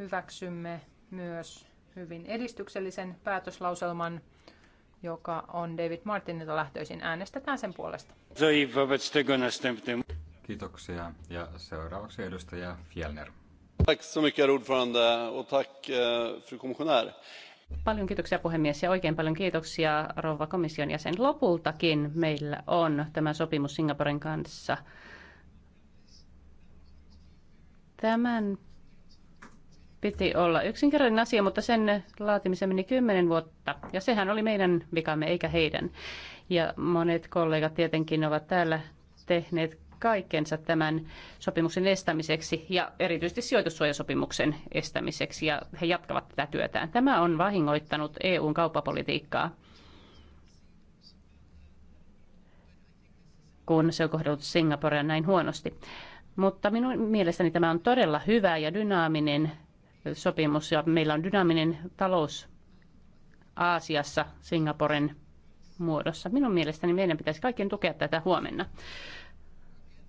hyväksymme myös hyvin edistyksellisen päätöslauselman, joka on David Martinilta lähtöisin. Äänestetään sen puolesta. Kiitoksia. Ja seuraavaksi edustaja Fjellner. Eh, paljon kiitoksia puhemies ja oikein paljon kiitoksia rouva komission jäsen. Lopultakin meillä on tämä sopimus Singaporen kanssa. Tämän piti olla yksinkertainen asia, mutta sen laatimisen meni kymmenen vuotta. Ja sehän oli meidän vikamme, eikä heidän. Ja monet kollegat tietenkin ovat täällä tehneet kaikkensa tämän sopimuksen estämiseksi ja erityisesti sijoitussuojasopimuksen estämiseksi ja he jatkavat tätä työtään. Tämä on vahingoittanut EUn kauppapolitiikkaa, kun se on kohdellut Singaporea näin huonosti. Mutta minun mielestäni tämä on todella hyvä ja dynaaminen sopimus ja meillä on dynaaminen talous Aasiassa Singaporen muodossa. Minun mielestäni meidän pitäisi kaikkien tukea tätä huomenna.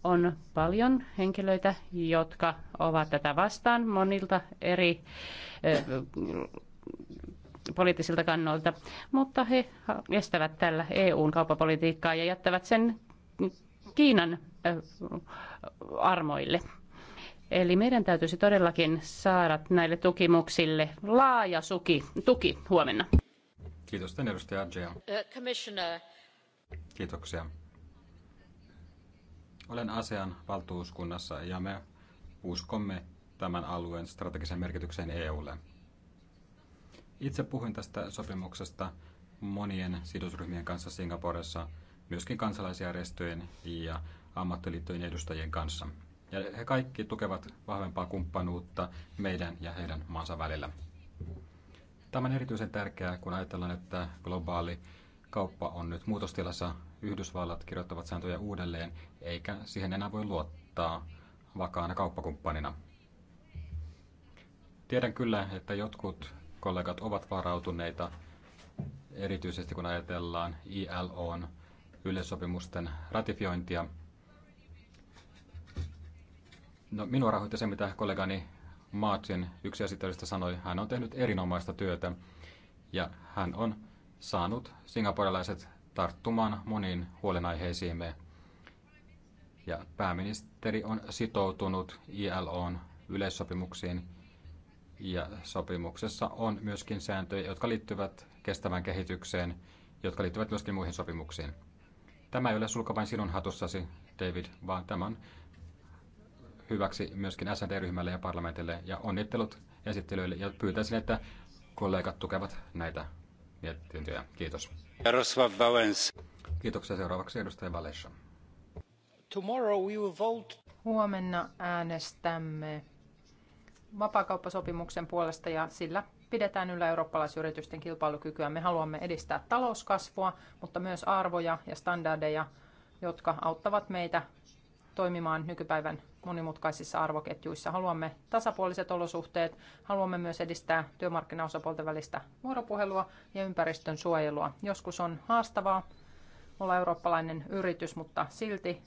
On paljon henkilöitä, jotka ovat tätä vastaan monilta eri poliittisilta kannoilta, mutta he estävät tällä EUn kauppapolitiikkaa ja jättävät sen Kiinan armoille. Eli meidän täytyisi todellakin saada näille tukimuksille laaja suki, tuki huomenna. Kiitos, tänne edustaja Gia. Uh, Kiitoksia. Olen ASEAN valtuuskunnassa ja me uskomme tämän alueen strategisen merkityksen EUlle. Itse puhuin tästä sopimuksesta monien sidosryhmien kanssa Singaporessa, myöskin kansalaisjärjestöjen ja ammattiliittojen edustajien kanssa. Ja he kaikki tukevat vahvempaa kumppanuutta meidän ja heidän maansa välillä. Tämä on erityisen tärkeää, kun ajatellaan, että globaali kauppa on nyt muutostilassa. Yhdysvallat kirjoittavat sääntöjä uudelleen, eikä siihen enää voi luottaa vakaana kauppakumppanina. Tiedän kyllä, että jotkut kollegat ovat varautuneita, erityisesti kun ajatellaan ILOn yleissopimusten ratifiointia – No, minua rahoitti se, mitä kollegani Martin yksi esittelystä sanoi. Hän on tehnyt erinomaista työtä ja hän on saanut singaporelaiset tarttumaan moniin huolenaiheisiimme. Ja pääministeri on sitoutunut ILOn yleissopimuksiin ja sopimuksessa on myöskin sääntöjä, jotka liittyvät kestävään kehitykseen, jotka liittyvät myöskin muihin sopimuksiin. Tämä ei ole sulka vain sinun hatussasi, David, vaan tämä on hyväksi myöskin SNT-ryhmälle ja parlamentille ja onnittelut esittelyille ja pyytäisin, että kollegat tukevat näitä mietintöjä. Kiitos. Jaroslav Valens. Kiitoksia seuraavaksi edustaja Valesha. Tomorrow we will vote. Huomenna äänestämme vapakauppasopimuksen puolesta ja sillä pidetään yllä eurooppalaisyritysten kilpailukykyä. Me haluamme edistää talouskasvua, mutta myös arvoja ja standardeja, jotka auttavat meitä toimimaan nykypäivän monimutkaisissa arvoketjuissa. Haluamme tasapuoliset olosuhteet, haluamme myös edistää työmarkkinaosapuolten välistä vuoropuhelua ja ympäristön suojelua. Joskus on haastavaa olla eurooppalainen yritys, mutta silti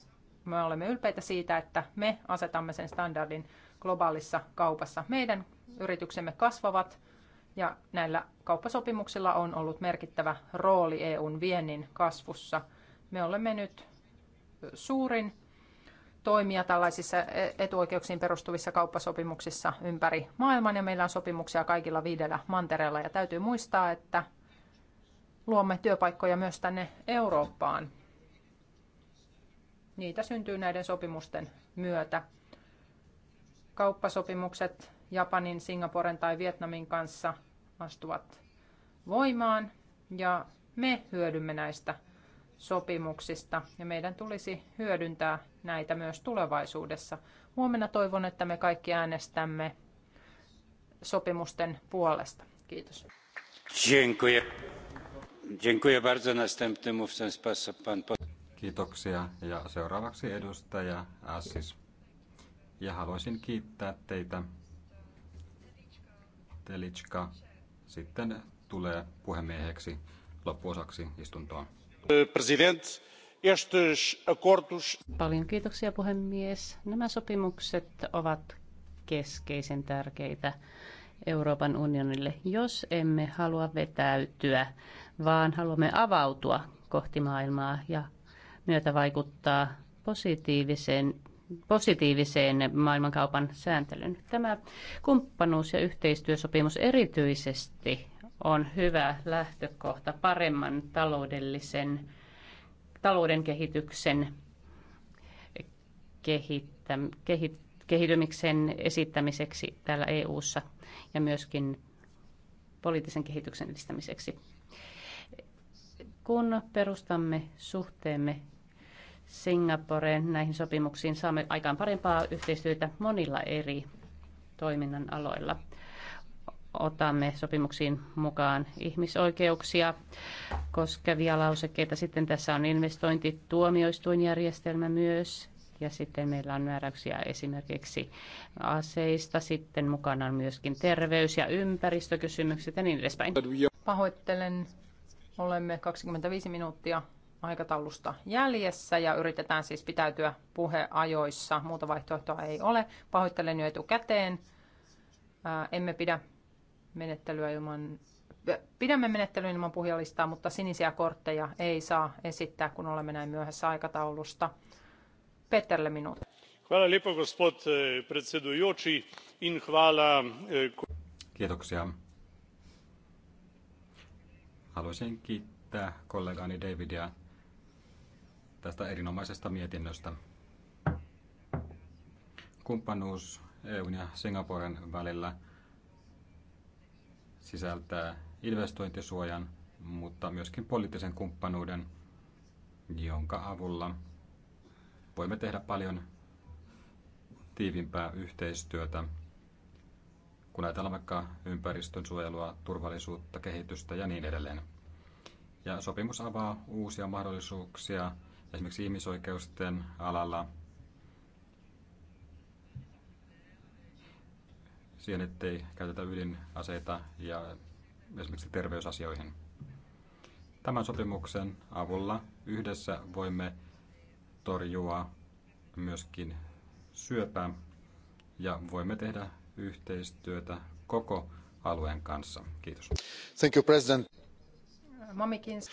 me olemme ylpeitä siitä, että me asetamme sen standardin globaalissa kaupassa. Meidän yrityksemme kasvavat ja näillä kauppasopimuksilla on ollut merkittävä rooli EUn viennin kasvussa. Me olemme nyt suurin toimia tällaisissa e- etuoikeuksiin perustuvissa kauppasopimuksissa ympäri maailman ja meillä on sopimuksia kaikilla viidellä mantereella ja täytyy muistaa, että luomme työpaikkoja myös tänne Eurooppaan. Niitä syntyy näiden sopimusten myötä. Kauppasopimukset Japanin, Singaporen tai Vietnamin kanssa astuvat voimaan ja me hyödymme näistä sopimuksista ja meidän tulisi hyödyntää näitä myös tulevaisuudessa. Huomenna toivon, että me kaikki äänestämme sopimusten puolesta. Kiitos. Dziękuję. Dziękuję bardzo. Następny mówca pan Kiitoksia. Ja seuraavaksi edustaja Assis. Ja haluaisin kiittää teitä. Telitska sitten tulee puhemieheksi loppuosaksi istuntoa arvoisa puhemies. Nämä sopimukset ovat keskeisen tärkeitä Euroopan unionille, jos emme halua vetäytyä, vaan haluamme avautua kohti maailmaa ja myötä vaikuttaa positiiviseen positiiviseen maailmankaupan sääntelyyn. Tämä kumppanuus- ja yhteistyösopimus erityisesti on hyvä lähtökohta paremman taloudellisen talouden kehityksen kehittä, kehit, kehitymiksen esittämiseksi täällä EU:ssa ja myöskin poliittisen kehityksen edistämiseksi. Kun perustamme suhteemme Singaporeen näihin sopimuksiin, saamme aikaan parempaa yhteistyötä monilla eri toiminnan aloilla otamme sopimuksiin mukaan ihmisoikeuksia koskevia lausekkeita. Sitten tässä on investointituomioistuinjärjestelmä myös ja sitten meillä on määräyksiä esimerkiksi aseista, sitten mukana on myöskin terveys- ja ympäristökysymykset ja niin edespäin. Pahoittelen, olemme 25 minuuttia aikataulusta jäljessä ja yritetään siis pitäytyä puheajoissa. Muuta vaihtoehtoa ei ole. Pahoittelen jo etukäteen. Ää, emme pidä menettelyä ilman pidämme menettelyä ilman puhjalistaa, mutta sinisiä kortteja ei saa esittää, kun olemme näin myöhässä aikataulusta. Petterle minuut. Hvala lijepo, gospod eh, predsedujoči, in hvala... Eh, Kiitoksia. Haluaisin kiittää kollegaani Davidia tästä erinomaisesta mietinnöstä. Kumppanuus EUn ja Singaporen välillä – sisältää investointisuojan, mutta myöskin poliittisen kumppanuuden, jonka avulla voimme tehdä paljon tiivimpää yhteistyötä, kun ajatellaan vaikka ympäristön suojelua, turvallisuutta, kehitystä ja niin edelleen. Ja sopimus avaa uusia mahdollisuuksia esimerkiksi ihmisoikeusten alalla, siihen, ettei käytetä ydinaseita ja esimerkiksi terveysasioihin. Tämän sopimuksen avulla yhdessä voimme torjua myöskin syöpää ja voimme tehdä yhteistyötä koko alueen kanssa. Kiitos. Thank you, President. Mamikins.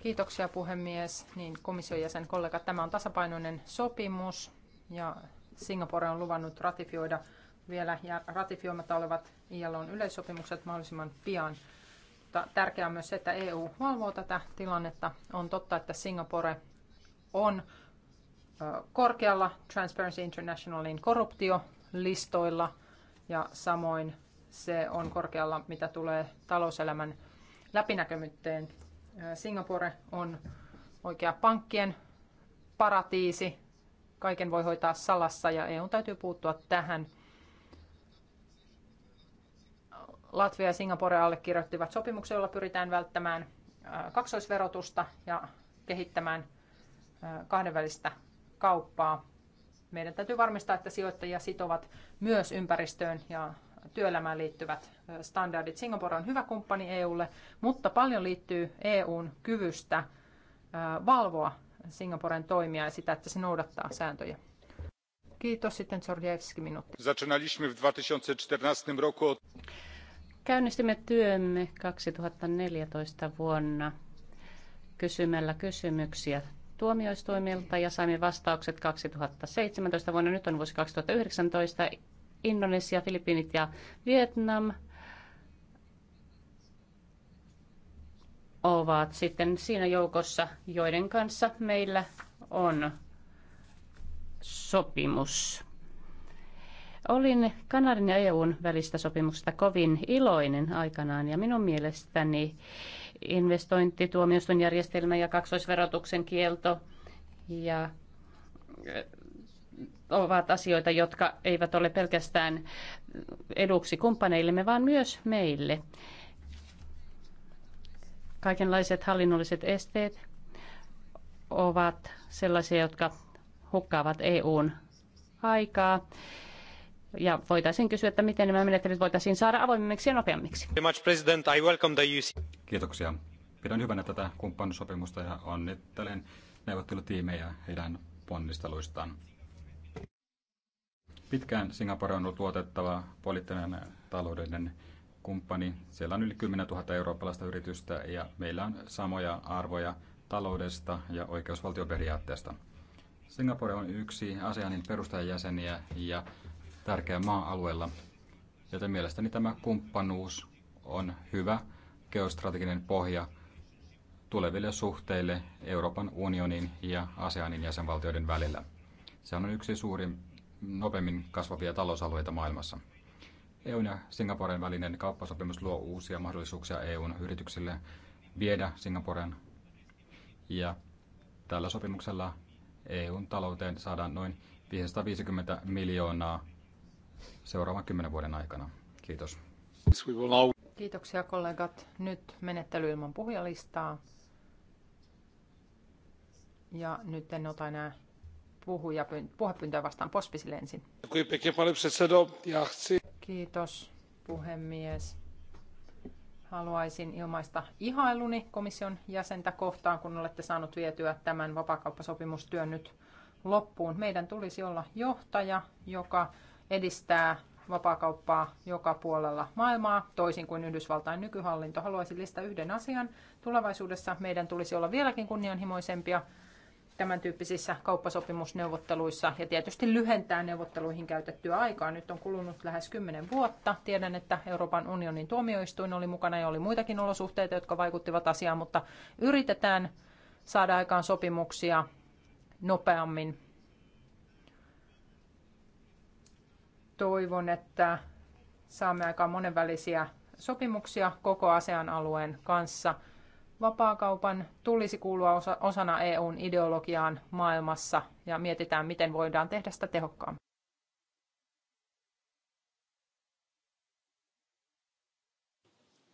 Kiitoksia puhemies. Niin, komission jäsen kollegat, tämä on tasapainoinen sopimus ja Singapore on luvannut ratifioida vielä ja ratifioimatta olevat ILOn yleissopimukset mahdollisimman pian. Mutta tärkeää on myös se, että EU valvoo tätä tilannetta. On totta, että Singapore on korkealla Transparency Internationalin korruptiolistoilla ja samoin se on korkealla, mitä tulee talouselämän läpinäkymyteen. Singapore on oikea pankkien paratiisi. Kaiken voi hoitaa salassa ja EU täytyy puuttua tähän – Latvia ja Singapore allekirjoittivat sopimuksen, jolla pyritään välttämään kaksoisverotusta ja kehittämään kahdenvälistä kauppaa. Meidän täytyy varmistaa, että sijoittajia sitovat myös ympäristöön ja työelämään liittyvät standardit. Singapore on hyvä kumppani EUlle, mutta paljon liittyy EUn kyvystä valvoa Singaporen toimia ja sitä, että se noudattaa sääntöjä. Kiitos sitten Zordievski minuutti. Zaczynaliśmy w 2014 roku Käynnistimme työmme 2014 vuonna kysymällä kysymyksiä tuomioistuimilta ja saimme vastaukset 2017 vuonna. Nyt on vuosi 2019. Indonesia, Filippiinit ja Vietnam ovat sitten siinä joukossa, joiden kanssa meillä on sopimus. Olin Kanarin ja EUn välistä sopimuksesta kovin iloinen aikanaan ja minun mielestäni investointituomioistuin järjestelmä ja kaksoisverotuksen kielto ja ovat asioita, jotka eivät ole pelkästään eduksi kumppaneillemme, vaan myös meille. Kaikenlaiset hallinnolliset esteet ovat sellaisia, jotka hukkaavat EUn aikaa ja voitaisiin kysyä, että miten nämä menettelyt voitaisiin saada avoimemmiksi ja nopeammiksi. Kiitoksia. Pidän hyvänä tätä kumppanusopimusta ja onnittelen neuvottelutiimejä heidän ponnisteluistaan. Pitkään Singapore on ollut luotettava poliittinen taloudellinen kumppani. Siellä on yli 10 000 eurooppalaista yritystä ja meillä on samoja arvoja taloudesta ja oikeusvaltioperiaatteesta. Singapore on yksi ASEANin perustajajäseniä ja tärkeä maa-alueella, joten mielestäni tämä kumppanuus on hyvä geostrateginen pohja tuleville suhteille Euroopan unionin ja ASEANin jäsenvaltioiden välillä. Se on yksi suurin nopeimmin kasvavia talousalueita maailmassa. EUn ja Singaporen välinen kauppasopimus luo uusia mahdollisuuksia EUn yrityksille viedä Singaporen. Ja tällä sopimuksella EUn talouteen saadaan noin 550 miljoonaa seuraavan kymmenen vuoden aikana. Kiitos. Kiitoksia kollegat. Nyt menettely ilman puhujalistaa. Ja nyt en ota enää puhuja, puhepyyntöä vastaan Pospisille ensin. Kiitos puhemies. Haluaisin ilmaista ihailuni komission jäsentä kohtaan, kun olette saanut vietyä tämän vapaakauppasopimustyön nyt loppuun. Meidän tulisi olla johtaja, joka edistää vapaakauppaa joka puolella maailmaa, toisin kuin Yhdysvaltain nykyhallinto. Haluaisin listata yhden asian. Tulevaisuudessa meidän tulisi olla vieläkin kunnianhimoisempia tämän tyyppisissä kauppasopimusneuvotteluissa ja tietysti lyhentää neuvotteluihin käytettyä aikaa. Nyt on kulunut lähes 10 vuotta. Tiedän, että Euroopan unionin tuomioistuin oli mukana ja oli muitakin olosuhteita, jotka vaikuttivat asiaan, mutta yritetään saada aikaan sopimuksia nopeammin Toivon, että saamme aika monenvälisiä sopimuksia koko ASEAN alueen kanssa. Vapaakaupan tulisi kuulua osa- osana EUn ideologiaan maailmassa ja mietitään, miten voidaan tehdä sitä tehokkaammin.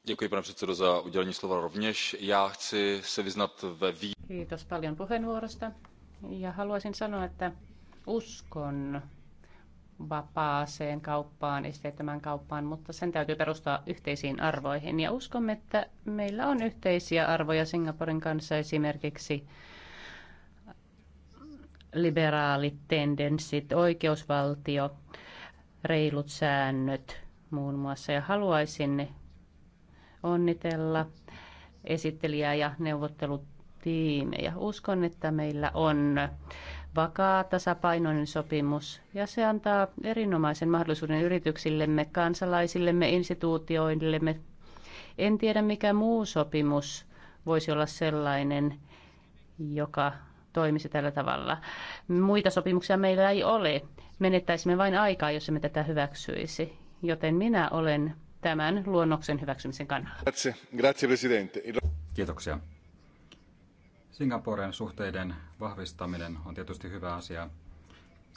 Děkuji, pane předsedo, za udělení slova rovněž já chci se vyznat ve vý... Kiitos paljon puheenvuorosta ja haluaisin sanoa, että uskon vapaaseen kauppaan, esteettömään kauppaan, mutta sen täytyy perustaa yhteisiin arvoihin. Ja uskomme, että meillä on yhteisiä arvoja Singaporen kanssa esimerkiksi liberaalit tendenssit, oikeusvaltio, reilut säännöt muun muassa. Ja haluaisin onnitella esittelijää ja neuvottelutiimejä. Uskon, että meillä on vakaa tasapainoinen sopimus ja se antaa erinomaisen mahdollisuuden yrityksillemme, kansalaisillemme, instituutioillemme. En tiedä mikä muu sopimus voisi olla sellainen, joka toimisi tällä tavalla. Muita sopimuksia meillä ei ole. Menettäisimme vain aikaa, jos emme tätä hyväksyisi. Joten minä olen tämän luonnoksen hyväksymisen kannalla. Grazie, grazie presidente. Kiitoksia. Singaporen suhteiden vahvistaminen on tietysti hyvä asia.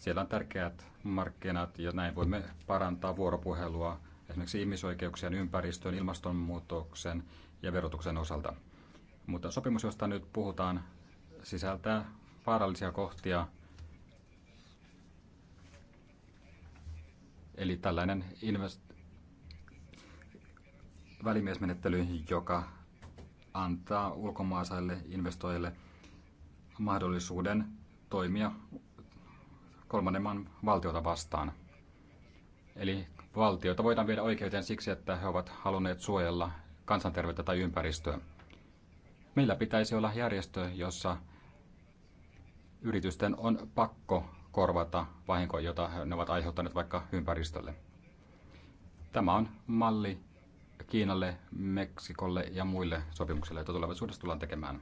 Siellä on tärkeät markkinat ja näin voimme parantaa vuoropuhelua esimerkiksi ihmisoikeuksien, ympäristön, ilmastonmuutoksen ja verotuksen osalta. Mutta sopimus, josta nyt puhutaan, sisältää vaarallisia kohtia. Eli tällainen invest- välimiesmenettely, joka antaa ulkomaalaisille investoijille mahdollisuuden toimia kolmannen maan valtiota vastaan. Eli valtiota voidaan viedä oikeuteen siksi, että he ovat halunneet suojella kansanterveyttä tai ympäristöä. Meillä pitäisi olla järjestö, jossa yritysten on pakko korvata vahinko, jota ne ovat aiheuttaneet vaikka ympäristölle. Tämä on malli, Kiinalle, Meksikolle ja muille sopimuksille, joita tulevaisuudessa tullaan tekemään.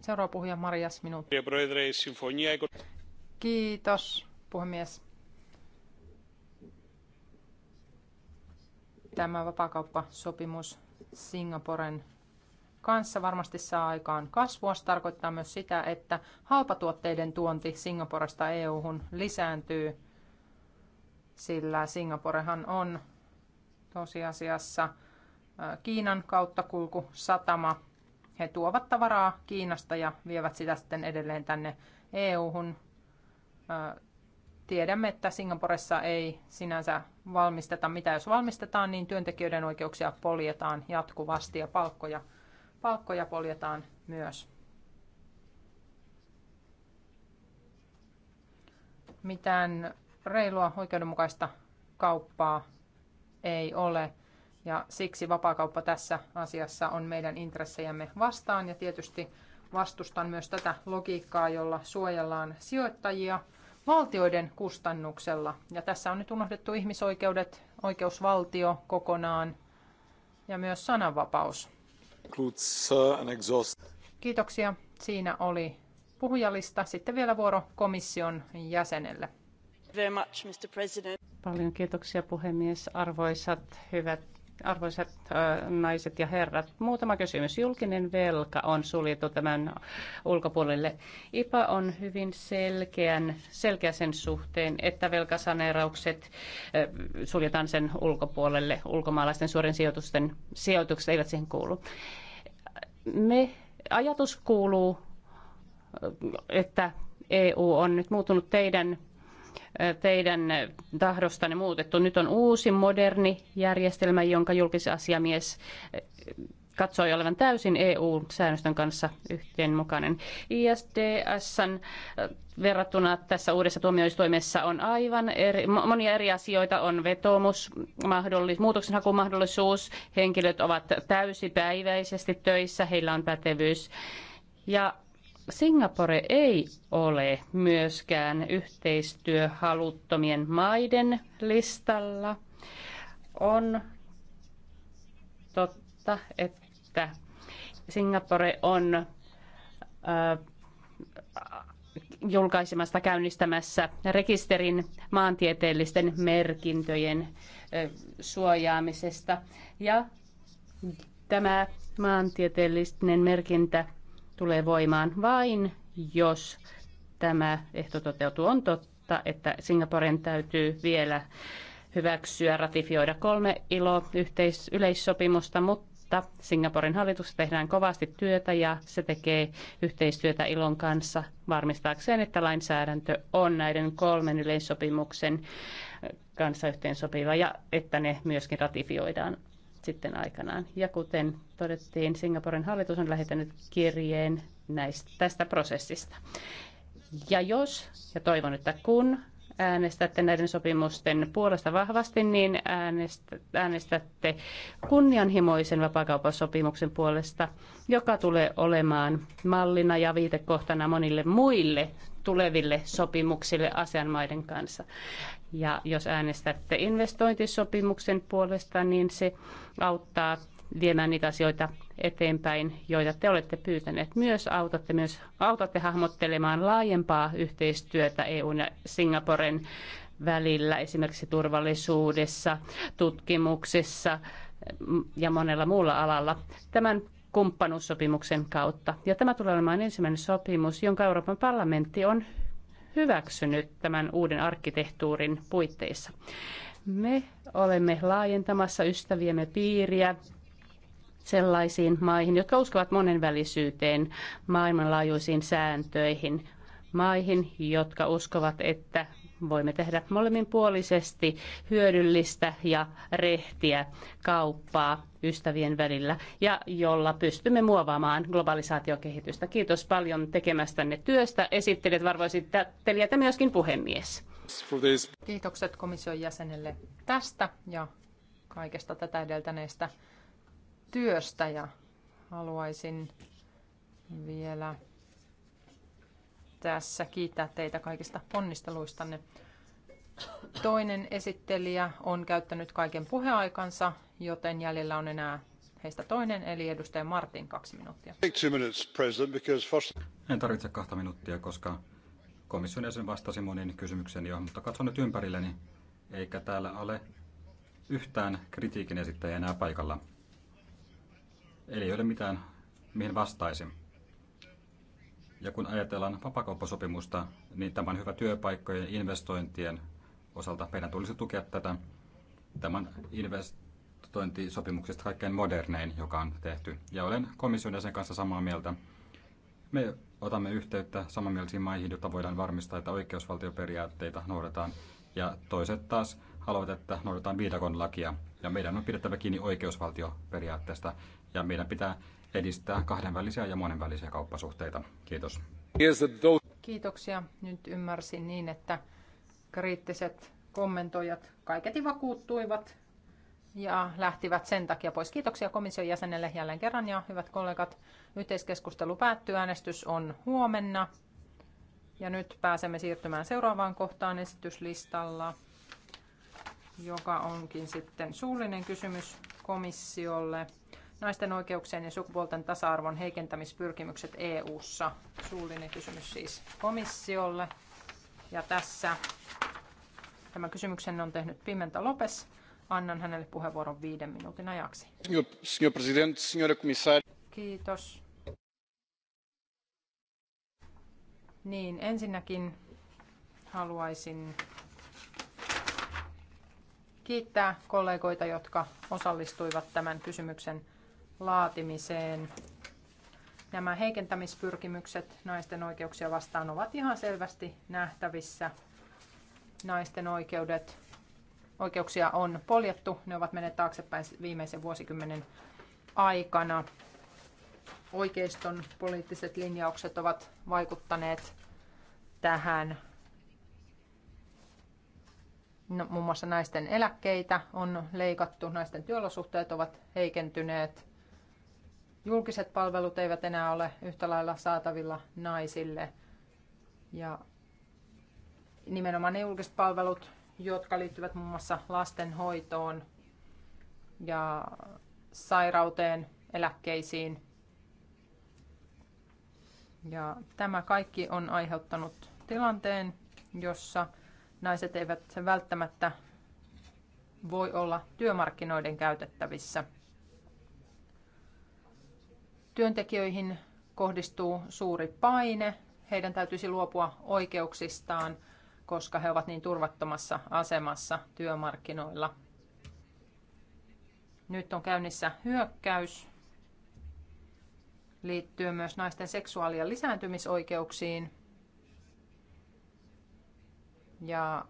Seuraava puhuja Marias, minuutti. Kiitos, puhemies. Tämä vapakauppasopimus Singaporen kanssa varmasti saa aikaan kasvua. Se tarkoittaa myös sitä, että halpatuotteiden tuonti Singaporesta EU-hun lisääntyy – sillä Singaporehan on tosiasiassa Kiinan kautta kulku satama. He tuovat tavaraa Kiinasta ja vievät sitä sitten edelleen tänne EU-hun. Tiedämme, että Singaporessa ei sinänsä valmisteta. Mitä jos valmistetaan, niin työntekijöiden oikeuksia poljetaan jatkuvasti ja palkkoja, palkkoja poljetaan myös. Mitään reilua oikeudenmukaista kauppaa ei ole. Ja siksi vapaakauppa tässä asiassa on meidän intressejämme vastaan ja tietysti vastustan myös tätä logiikkaa, jolla suojellaan sijoittajia valtioiden kustannuksella. Ja tässä on nyt unohdettu ihmisoikeudet, oikeusvaltio kokonaan ja myös sananvapaus. Uh, Kiitoksia. Siinä oli puhujalista. Sitten vielä vuoro komission jäsenelle. Paljon kiitoksia puhemies. Arvoisat hyvät arvoisat naiset ja herrat, muutama kysymys. Julkinen velka on suljettu tämän ulkopuolelle. IPA on hyvin selkeän, selkeä sen suhteen, että velkasaneeraukset suljetaan sen ulkopuolelle. Ulkomaalaisten suorien sijoitusten, sijoitukset eivät siihen kuulu. Me, ajatus kuuluu, että EU on nyt muuttunut teidän teidän tahdostanne muutettu. Nyt on uusi moderni järjestelmä, jonka julkisasiamies katsoi olevan täysin EU-säännösten kanssa yhteenmukainen. ISDS verrattuna tässä uudessa tuomioistuimessa on aivan eri, monia eri asioita. On vetomus, mahdollis, muutoksenhakumahdollisuus, henkilöt ovat täysipäiväisesti töissä, heillä on pätevyys. Ja Singapore ei ole myöskään yhteistyöhaluttomien maiden listalla. On totta, että Singapore on äh, julkaisemasta käynnistämässä rekisterin maantieteellisten merkintöjen äh, suojaamisesta. Ja tämä maantieteellinen merkintä tulee voimaan vain, jos tämä ehto toteutuu. On totta, että Singaporen täytyy vielä hyväksyä, ratifioida kolme ILO-yleissopimusta, mutta Singaporen hallituksessa tehdään kovasti työtä ja se tekee yhteistyötä ILON kanssa varmistaakseen, että lainsäädäntö on näiden kolmen yleissopimuksen kanssa yhteensopiva ja että ne myöskin ratifioidaan sitten aikanaan. Ja kuten todettiin, Singaporen hallitus on lähettänyt kirjeen näistä, tästä prosessista. Ja jos, ja toivon, että kun äänestätte näiden sopimusten puolesta vahvasti, niin äänestätte kunnianhimoisen vapaakauppasopimuksen puolesta, joka tulee olemaan mallina ja viitekohtana monille muille tuleville sopimuksille asianmaiden kanssa. Ja jos äänestätte investointisopimuksen puolesta, niin se auttaa viemään niitä asioita eteenpäin, joita te olette pyytäneet. Myös autatte, myös autatte hahmottelemaan laajempaa yhteistyötä EUn ja Singaporen välillä, esimerkiksi turvallisuudessa, tutkimuksessa mm, ja monella muulla alalla. Tämän kumppanuussopimuksen kautta. Ja tämä tulee olemaan ensimmäinen sopimus, jonka Euroopan parlamentti on hyväksynyt tämän uuden arkkitehtuurin puitteissa. Me olemme laajentamassa ystäviemme piiriä sellaisiin maihin, jotka uskovat monenvälisyyteen, maailmanlaajuisiin sääntöihin, maihin, jotka uskovat, että voimme tehdä molemminpuolisesti hyödyllistä ja rehtiä kauppaa ystävien välillä ja jolla pystymme muovaamaan globalisaatiokehitystä. Kiitos paljon tekemästänne työstä. Esittelijät varvoisittelijät ja myöskin puhemies. Kiitokset komission jäsenelle tästä ja kaikesta tätä edeltäneestä työstä ja haluaisin vielä tässä kiittää teitä kaikista ponnisteluistanne. Toinen esittelijä on käyttänyt kaiken puheaikansa, joten jäljellä on enää heistä toinen, eli edustaja Martin, kaksi minuuttia. En tarvitse kahta minuuttia, koska komission jäsen vastasi moniin kysymykseen jo, mutta katson nyt ympärilleni, eikä täällä ole yhtään kritiikin esittäjä enää paikalla. Eli ei ole mitään, mihin vastaisin. Ja kun ajatellaan vapakauppasopimusta, niin tämä on hyvä työpaikkojen ja investointien osalta. Meidän tulisi tukea tätä. Tämän investointisopimuksesta kaikkein modernein, joka on tehty. Ja olen komission jäsen kanssa samaa mieltä. Me otamme yhteyttä samanmielisiin maihin, jotta voidaan varmistaa, että oikeusvaltioperiaatteita noudataan. Ja toiset taas haluavat, että noudataan viidakon lakia. Ja meidän on pidettävä kiinni oikeusvaltioperiaatteesta. Ja meidän pitää edistää kahdenvälisiä ja monenvälisiä kauppasuhteita. Kiitos. Kiitoksia. Nyt ymmärsin niin, että kriittiset kommentoijat kaiketi vakuuttuivat ja lähtivät sen takia pois. Kiitoksia komission jäsenelle jälleen kerran ja hyvät kollegat, yhteiskeskustelu päättyy, äänestys on huomenna. Ja nyt pääsemme siirtymään seuraavaan kohtaan esityslistalla, joka onkin sitten suullinen kysymys komissiolle naisten oikeuksien ja sukupuolten tasa-arvon heikentämispyrkimykset EU:ssa. Suullinen kysymys siis komissiolle. Ja tässä tämän kysymyksen on tehnyt Pimenta Lopes. Annan hänelle puheenvuoron viiden minuutin ajaksi. Signor Presidente, signora Commissaria. Kiitos. Niin, ensinnäkin haluaisin kiittää kollegoita, jotka osallistuivat tämän kysymyksen laatimiseen. Nämä heikentämispyrkimykset naisten oikeuksia vastaan ovat ihan selvästi nähtävissä. Naisten oikeudet, oikeuksia on poljettu, ne ovat menneet taaksepäin viimeisen vuosikymmenen aikana. Oikeiston poliittiset linjaukset ovat vaikuttaneet tähän. No, muun muassa naisten eläkkeitä on leikattu, naisten työolosuhteet ovat heikentyneet julkiset palvelut eivät enää ole yhtä lailla saatavilla naisille. Ja nimenomaan ne julkiset palvelut, jotka liittyvät muun mm. muassa lastenhoitoon ja sairauteen, eläkkeisiin. Ja tämä kaikki on aiheuttanut tilanteen, jossa naiset eivät välttämättä voi olla työmarkkinoiden käytettävissä – Työntekijöihin kohdistuu suuri paine. Heidän täytyisi luopua oikeuksistaan, koska he ovat niin turvattomassa asemassa työmarkkinoilla. Nyt on käynnissä hyökkäys liittyy myös naisten seksuaali- ja lisääntymisoikeuksiin. Ja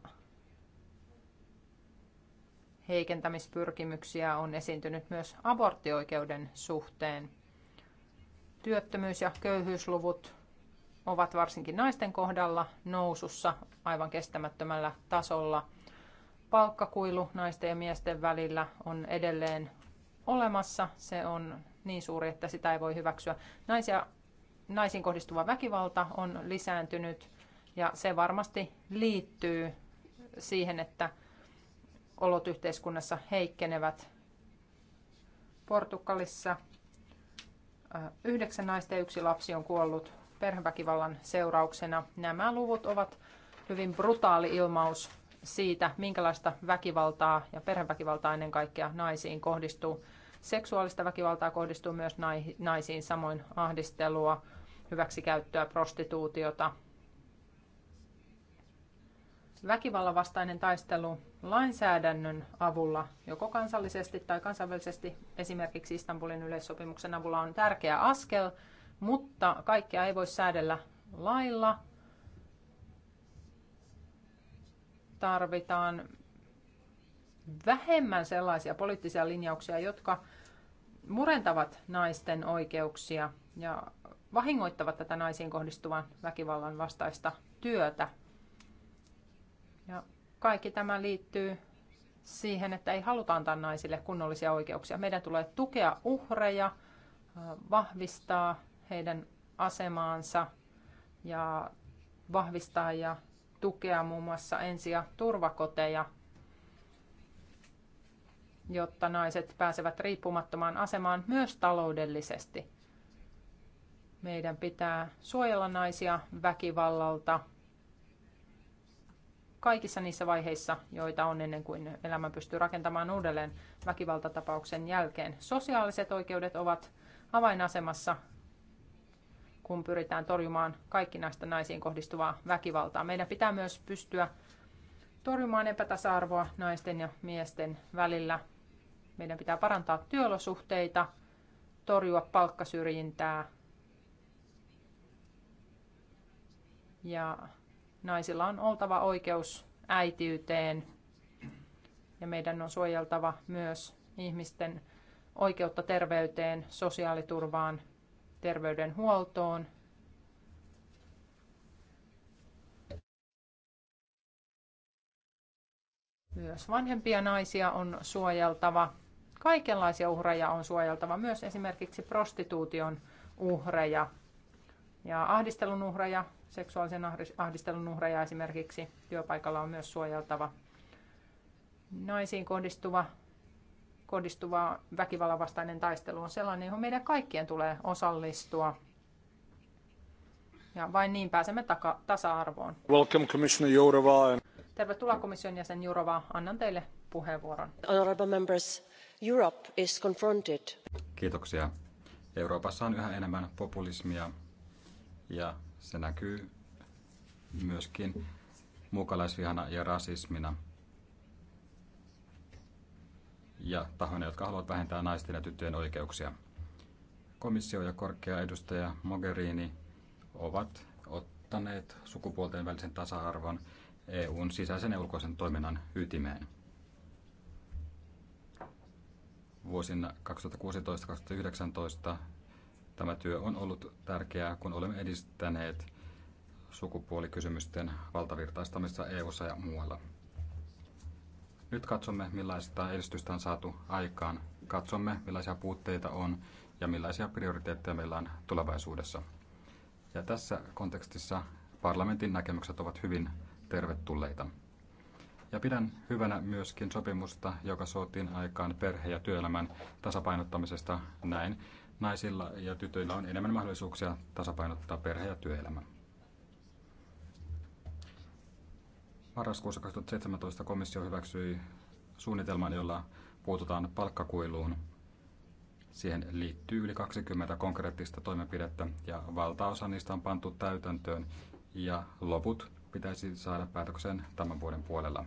heikentämispyrkimyksiä on esiintynyt myös aborttioikeuden suhteen. Työttömyys- ja köyhyysluvut ovat varsinkin naisten kohdalla nousussa aivan kestämättömällä tasolla. Palkkakuilu naisten ja miesten välillä on edelleen olemassa. Se on niin suuri, että sitä ei voi hyväksyä. Naisia, naisiin kohdistuva väkivalta on lisääntynyt ja se varmasti liittyy siihen, että olot yhteiskunnassa heikkenevät. Portugalissa Yhdeksän naista ja yksi lapsi on kuollut perheväkivallan seurauksena. Nämä luvut ovat hyvin brutaali ilmaus siitä, minkälaista väkivaltaa ja perheväkivaltaa ennen kaikkea naisiin kohdistuu. Seksuaalista väkivaltaa kohdistuu myös naisiin, samoin ahdistelua, hyväksikäyttöä, prostituutiota, väkivallan vastainen taistelu lainsäädännön avulla, joko kansallisesti tai kansainvälisesti, esimerkiksi Istanbulin yleissopimuksen avulla, on tärkeä askel, mutta kaikkea ei voi säädellä lailla. Tarvitaan vähemmän sellaisia poliittisia linjauksia, jotka murentavat naisten oikeuksia ja vahingoittavat tätä naisiin kohdistuvan väkivallan vastaista työtä ja kaikki tämä liittyy siihen, että ei haluta antaa naisille kunnollisia oikeuksia. Meidän tulee tukea uhreja, vahvistaa heidän asemaansa ja vahvistaa ja tukea muun muassa ensi- ja turvakoteja, jotta naiset pääsevät riippumattomaan asemaan myös taloudellisesti. Meidän pitää suojella naisia väkivallalta kaikissa niissä vaiheissa, joita on ennen kuin elämä pystyy rakentamaan uudelleen väkivaltatapauksen jälkeen. Sosiaaliset oikeudet ovat avainasemassa, kun pyritään torjumaan kaikki näistä naisiin kohdistuvaa väkivaltaa. Meidän pitää myös pystyä torjumaan epätasa-arvoa naisten ja miesten välillä. Meidän pitää parantaa työolosuhteita, torjua palkkasyrjintää ja Naisilla on oltava oikeus äitiyteen ja meidän on suojeltava myös ihmisten oikeutta terveyteen, sosiaaliturvaan, terveydenhuoltoon. Myös vanhempia naisia on suojeltava. Kaikenlaisia uhreja on suojeltava, myös esimerkiksi prostituution uhreja ja ahdistelun uhreja, seksuaalisen ahdistelun uhreja esimerkiksi työpaikalla on myös suojeltava. Naisiin kohdistuva, kohdistuva väkivallan vastainen taistelu on sellainen, johon meidän kaikkien tulee osallistua. Ja vain niin pääsemme taka- tasa-arvoon. Welcome, Commissioner Jourova. Tervetuloa komission jäsen Jourova. Annan teille puheenvuoron. Honorable members, Europe is confronted. Kiitoksia. Euroopassa on yhä enemmän populismia ja se näkyy myöskin muukalaisvihana ja rasismina ja tahoina, jotka haluavat vähentää naisten ja tyttöjen oikeuksia. Komissio ja korkea edustaja Mogherini ovat ottaneet sukupuolten välisen tasa-arvon EUn sisäisen ja ulkoisen toiminnan ytimeen. Vuosina 2016-2019 Tämä työ on ollut tärkeää, kun olemme edistäneet sukupuolikysymysten valtavirtaistamista EU:ssa ja muualla. Nyt katsomme, millaista edistystä on saatu aikaan. Katsomme, millaisia puutteita on ja millaisia prioriteetteja meillä on tulevaisuudessa. Ja tässä kontekstissa parlamentin näkemykset ovat hyvin tervetulleita. Ja pidän hyvänä myöskin sopimusta, joka sootiin aikaan perhe- ja työelämän tasapainottamisesta näin naisilla ja tytöillä on enemmän mahdollisuuksia tasapainottaa perhe- ja työelämä. Marraskuussa 2017 komissio hyväksyi suunnitelman, jolla puututaan palkkakuiluun. Siihen liittyy yli 20 konkreettista toimenpidettä ja valtaosa niistä on pantu täytäntöön ja loput pitäisi saada päätökseen tämän vuoden puolella.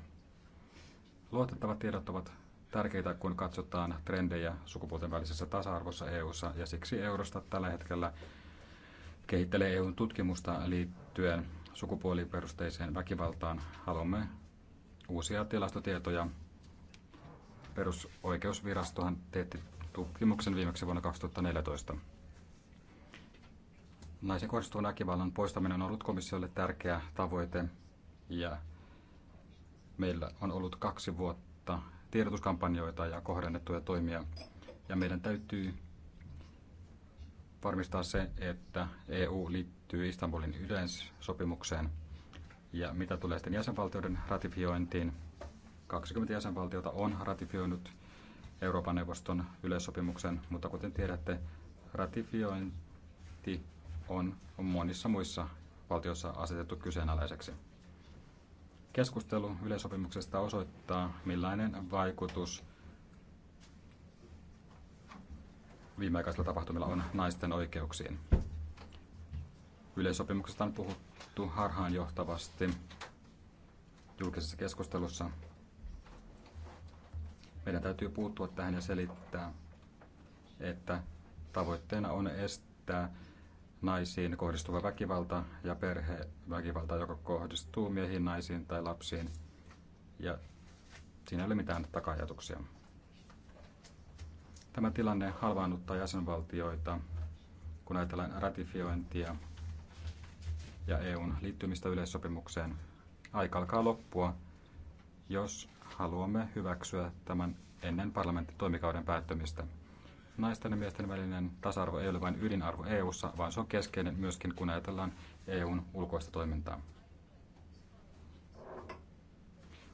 Luotettavat tiedot ovat tärkeitä, kun katsotaan trendejä sukupuolten välisessä tasa-arvossa EU:ssa ja siksi eurosta tällä hetkellä kehittelee EUn tutkimusta liittyen sukupuoliperusteiseen väkivaltaan. Haluamme uusia tilastotietoja. Perusoikeusvirastohan teetti tutkimuksen viimeksi vuonna 2014. Naisen kohdistuvan väkivallan poistaminen on ollut komissiolle tärkeä tavoite ja meillä on ollut kaksi vuotta tiedotuskampanjoita ja kohdennettuja toimia. Ja meidän täytyy varmistaa se, että EU liittyy Istanbulin yleissopimukseen. Ja mitä tulee sitten jäsenvaltioiden ratifiointiin, 20 jäsenvaltiota on ratifioinut Euroopan neuvoston yleissopimuksen, mutta kuten tiedätte, ratifiointi on monissa muissa valtioissa asetettu kyseenalaiseksi. Keskustelu yleisopimuksesta osoittaa, millainen vaikutus viimeaikaisilla tapahtumilla on naisten oikeuksiin. Yleisopimuksesta on puhuttu harhaanjohtavasti julkisessa keskustelussa. Meidän täytyy puuttua tähän ja selittää, että tavoitteena on estää naisiin kohdistuva väkivalta ja perheväkivalta, joka kohdistuu miehiin, naisiin tai lapsiin. Ja siinä ei ole mitään takajatuksia. Tämä tilanne halvaannuttaa jäsenvaltioita, kun ajatellaan ratifiointia ja EUn liittymistä yleissopimukseen. Aika alkaa loppua, jos haluamme hyväksyä tämän ennen parlamentin toimikauden päättymistä. Naisten ja miesten välinen tasa-arvo ei ole vain ydinarvo EU:ssa, vaan se on keskeinen myöskin, kun ajatellaan EUn ulkoista toimintaa.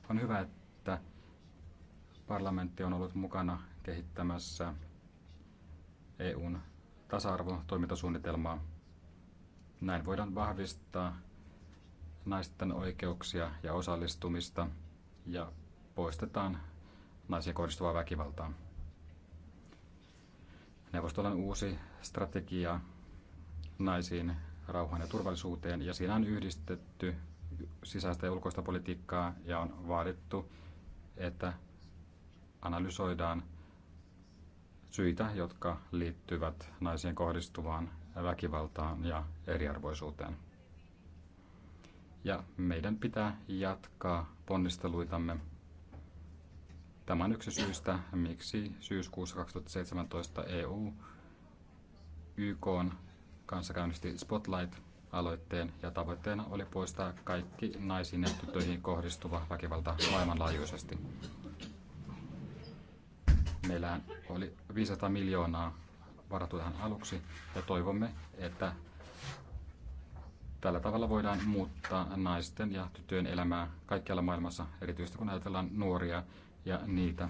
On hyvä, että parlamentti on ollut mukana kehittämässä EUn tasa toimintasuunnitelmaa Näin voidaan vahvistaa naisten oikeuksia ja osallistumista ja poistetaan naisiin kohdistuvaa väkivaltaa neuvostolan uusi strategia naisiin, rauhaan ja turvallisuuteen, ja siinä on yhdistetty sisäistä ja ulkoista politiikkaa, ja on vaadittu, että analysoidaan syitä, jotka liittyvät naisiin kohdistuvaan väkivaltaan ja eriarvoisuuteen. Ja meidän pitää jatkaa ponnisteluitamme Tämä on yksi syystä, miksi syyskuussa 2017 EU YK kanssa käynnisti Spotlight-aloitteen ja tavoitteena oli poistaa kaikki naisiin ja tyttöihin kohdistuva väkivalta maailmanlaajuisesti. Meillä oli 500 miljoonaa varattu tähän aluksi ja toivomme, että tällä tavalla voidaan muuttaa naisten ja tyttöjen elämää kaikkialla maailmassa, erityisesti kun ajatellaan nuoria ja niitä,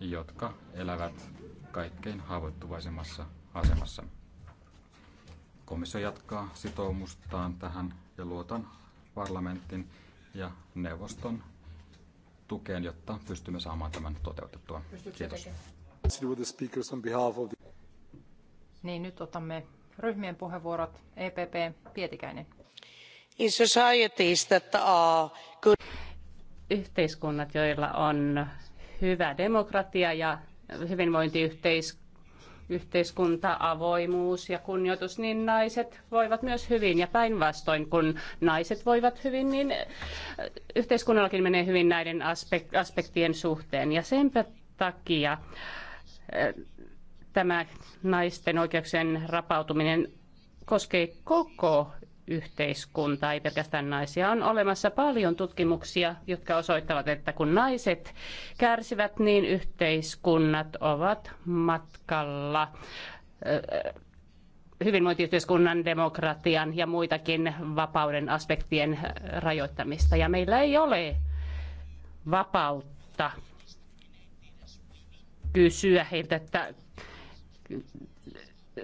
jotka elävät kaikkein haavoittuvaisemmassa asemassa. Komissio jatkaa sitoumustaan tähän ja luotan parlamentin ja neuvoston tukeen, jotta pystymme saamaan tämän toteutettua. Kiitos. Niin, nyt otamme ryhmien puheenvuorot. EPP Pietikäinen. In societies that are good... Yhteiskunnat, joilla on hyvä demokratia ja hyvinvointiyhteiskunta, avoimuus ja kunnioitus, niin naiset voivat myös hyvin. Ja päinvastoin, kun naiset voivat hyvin, niin eh, yhteiskunnallakin menee hyvin näiden aspektien suhteen. Ja senpä takia eh, tämä naisten oikeuksien rapautuminen koskee koko yhteiskunta, ei pelkästään naisia. On olemassa paljon tutkimuksia, jotka osoittavat, että kun naiset kärsivät, niin yhteiskunnat ovat matkalla hyvinvointiyhteiskunnan, demokratian ja muitakin vapauden aspektien rajoittamista. Ja meillä ei ole vapautta kysyä heiltä, että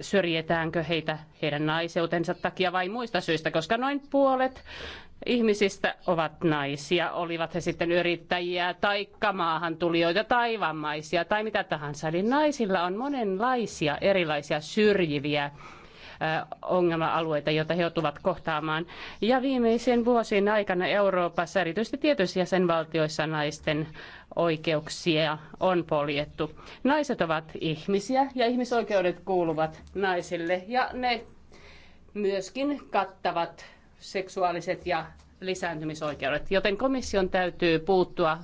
syrjitäänkö heitä heidän naiseutensa takia vai muista syistä, koska noin puolet ihmisistä ovat naisia, olivat he sitten yrittäjiä tai maahantulijoita tai vammaisia tai mitä tahansa. Eli naisilla on monenlaisia erilaisia syrjiviä ongelma-alueita, joita he joutuvat kohtaamaan. Ja viimeisen vuosien aikana Euroopassa, erityisesti tietyissä jäsenvaltioissa, naisten oikeuksia on poljettu. Naiset ovat ihmisiä ja ihmisoikeudet kuuluvat naisille ja ne myöskin kattavat seksuaaliset ja lisääntymisoikeudet, joten komission täytyy puuttua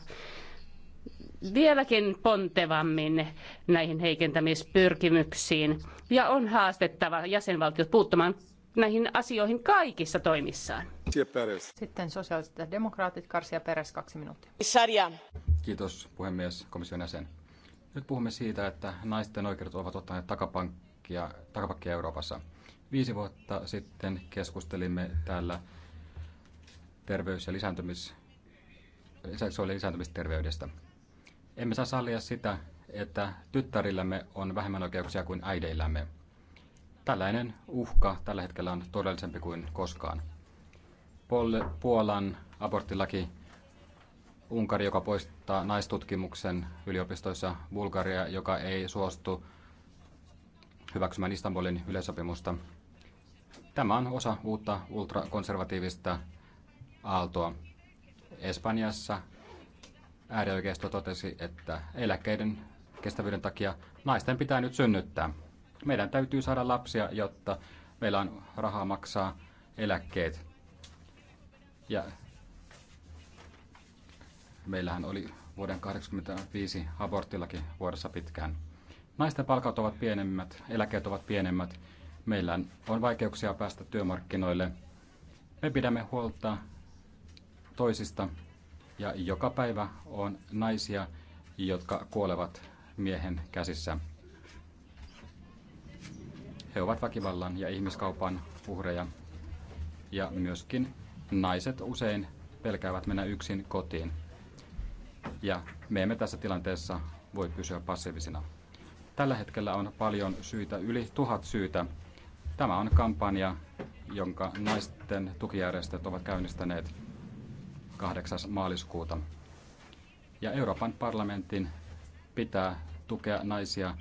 vieläkin pontevammin näihin heikentämispyrkimyksiin ja on haastettava jäsenvaltiot puuttumaan näihin asioihin kaikissa toimissaan. Sitten sosiaaliset demokraatit, Karsia Peres, kaksi minuuttia. Sarja. Kiitos puhemies, komission jäsen. Nyt puhumme siitä, että naisten oikeudet ovat ottaneet takapankkia, takapakkia Euroopassa. Viisi vuotta sitten keskustelimme täällä terveys- ja lisääntymis, seksuaali- ja lisääntymisterveydestä. Emme saa sallia sitä, että tyttärillämme on vähemmän oikeuksia kuin äideillämme. Tällainen uhka tällä hetkellä on todellisempi kuin koskaan. Pol- Puolan aborttilaki, Unkari, joka poistaa naistutkimuksen yliopistoissa, Bulgaria, joka ei suostu hyväksymään Istanbulin yleisopimusta. Tämä on osa uutta ultrakonservatiivista aaltoa. Espanjassa äärioikeisto totesi, että eläkkeiden kestävyyden takia naisten pitää nyt synnyttää. Meidän täytyy saada lapsia, jotta meillä on rahaa maksaa eläkkeet. Ja meillähän oli vuoden 1985 aborttillakin vuodessa pitkään. Naisten palkat ovat pienemmät, eläkkeet ovat pienemmät, meillä on vaikeuksia päästä työmarkkinoille. Me pidämme huolta toisista ja joka päivä on naisia, jotka kuolevat miehen käsissä. He ovat väkivallan ja ihmiskaupan uhreja ja myöskin naiset usein pelkäävät mennä yksin kotiin. Ja me emme tässä tilanteessa voi pysyä passiivisina. Tällä hetkellä on paljon syitä, yli tuhat syytä. Tämä on kampanja, jonka naisten tukijärjestöt ovat käynnistäneet 8. maaliskuuta. Ja Euroopan parlamentin pitää tukea naisia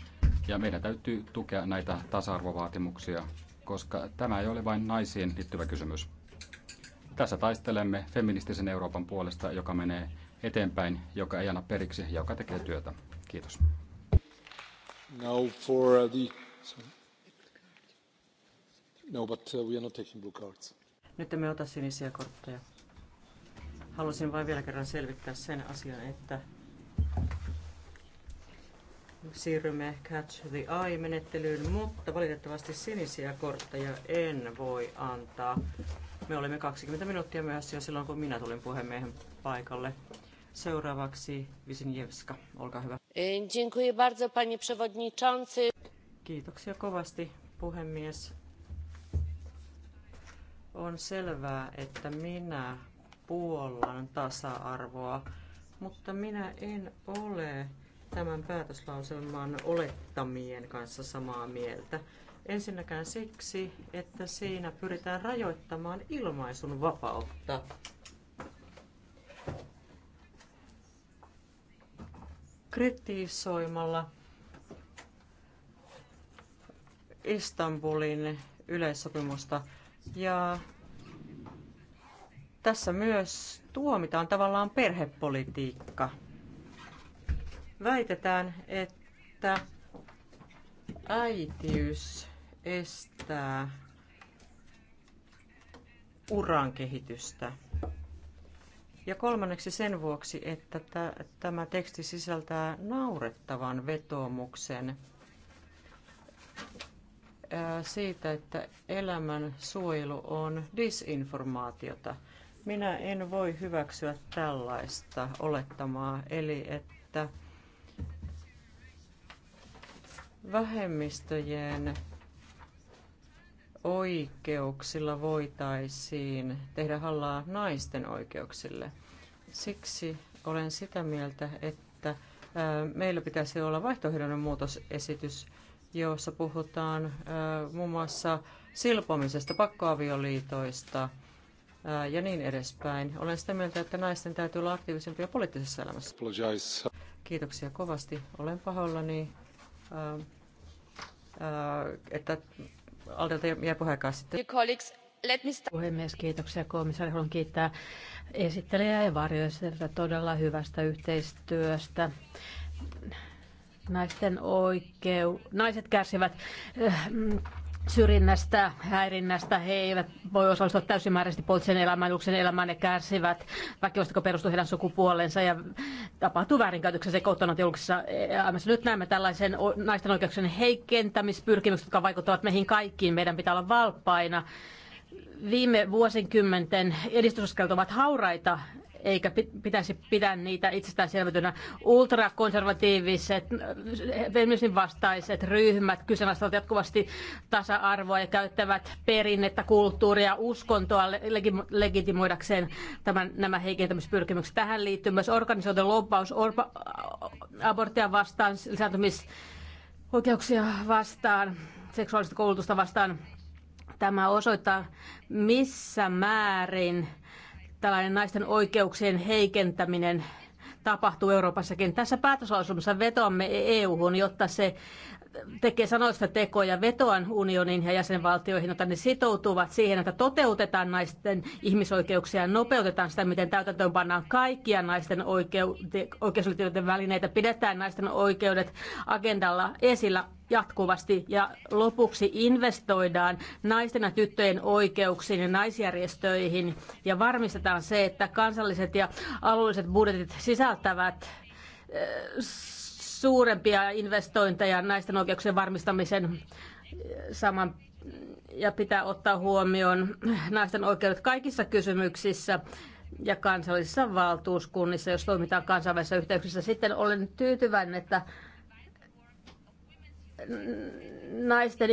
ja meidän täytyy tukea näitä tasa-arvovaatimuksia, koska tämä ei ole vain naisiin liittyvä kysymys. Tässä taistelemme feministisen Euroopan puolesta, joka menee eteenpäin, joka ei anna periksi ja joka tekee työtä. Kiitos. Now for the... No, but uh, we are not taking blue cards. Nyt emme ota sinisiä kortteja. Halusin vain vielä kerran selvittää sen asian, että siirrymme Catch the Eye-menettelyyn, mutta valitettavasti sinisiä kortteja en voi antaa. Me olemme 20 minuuttia myöhässä jo silloin, kun minä tulin puhemiehen paikalle. Seuraavaksi Visinjevska, olkaa hyvä. E, dziękuję bardzo, panie przewodniczący. Kiitoksia kovasti, puhemies. On selvää, että minä puollan tasa-arvoa, mutta minä en ole tämän päätöslauselman olettamien kanssa samaa mieltä. Ensinnäkään siksi, että siinä pyritään rajoittamaan ilmaisun vapautta. Kritisoimalla Istanbulin yleissopimusta ja tässä myös tuomitaan tavallaan perhepolitiikka. Väitetään, että äitiys estää uran kehitystä. Ja kolmanneksi sen vuoksi, että tämä teksti sisältää naurettavan vetoomuksen siitä, että elämän suojelu on disinformaatiota. Minä en voi hyväksyä tällaista olettamaa, eli että vähemmistöjen oikeuksilla voitaisiin tehdä hallaa naisten oikeuksille. Siksi olen sitä mieltä, että meillä pitäisi olla vaihtoehdollinen muutosesitys, jossa puhutaan muun muassa silpomisesta, pakkoavioliitoista – ja niin edespäin. Olen sitä mieltä, että naisten täytyy olla aktiivisempia poliittisessa elämässä. Kiitoksia kovasti. Olen pahoillani, että Aldelta jäi puheenkaan sitten. Puhemies, kiitoksia komissaari. Haluan kiittää esittelijää ja varjoesittelijää todella hyvästä yhteistyöstä naisten oikeu, naiset kärsivät äh, syrjinnästä, häirinnästä. He eivät voi osallistua täysimääräisesti poliittisen elämään, julkisen elämään. Ne kärsivät väkivallasta, perustuu heidän sukupuolensa ja tapahtuu väärinkäytöksessä se kotona julkisessa elämässä. Nyt näemme tällaisen naisten oikeuksien heikentämispyrkimykset, jotka vaikuttavat meihin kaikkiin. Meidän pitää olla valppaina. Viime vuosikymmenten edistysaskelt ovat hauraita eikä pitäisi pitää niitä itsestäänselvytynä. Ultrakonservatiiviset, feminismin vastaiset ryhmät kyseenalaistavat jatkuvasti tasa-arvoa ja käyttävät perinnettä, kulttuuria, uskontoa legitimoidakseen tämän, nämä heikentämispyrkimykset. Tähän liittyy myös organisoitu lobbaus orpa, aborttia vastaan, lisääntymisoikeuksia vastaan, seksuaalista koulutusta vastaan. Tämä osoittaa, missä määrin tällainen naisten oikeuksien heikentäminen tapahtuu Euroopassakin. Tässä päätöslausumassa vetoamme e- EU-hun, jotta se tekee sanoista tekoja, vetoan unionin ja jäsenvaltioihin, että ne sitoutuvat siihen, että toteutetaan naisten ihmisoikeuksia ja nopeutetaan sitä, miten täytäntöön pannaan kaikkia naisten oikeu- välineitä, pidetään naisten oikeudet agendalla esillä jatkuvasti ja lopuksi investoidaan naisten ja tyttöjen oikeuksiin ja naisjärjestöihin ja varmistetaan se, että kansalliset ja alueelliset budjetit sisältävät äh, suurempia investointeja naisten oikeuksien varmistamisen saman ja pitää ottaa huomioon naisten oikeudet kaikissa kysymyksissä ja kansallisissa valtuuskunnissa, jos toimitaan kansainvälisissä yhteyksissä. Sitten olen tyytyväinen, että naisten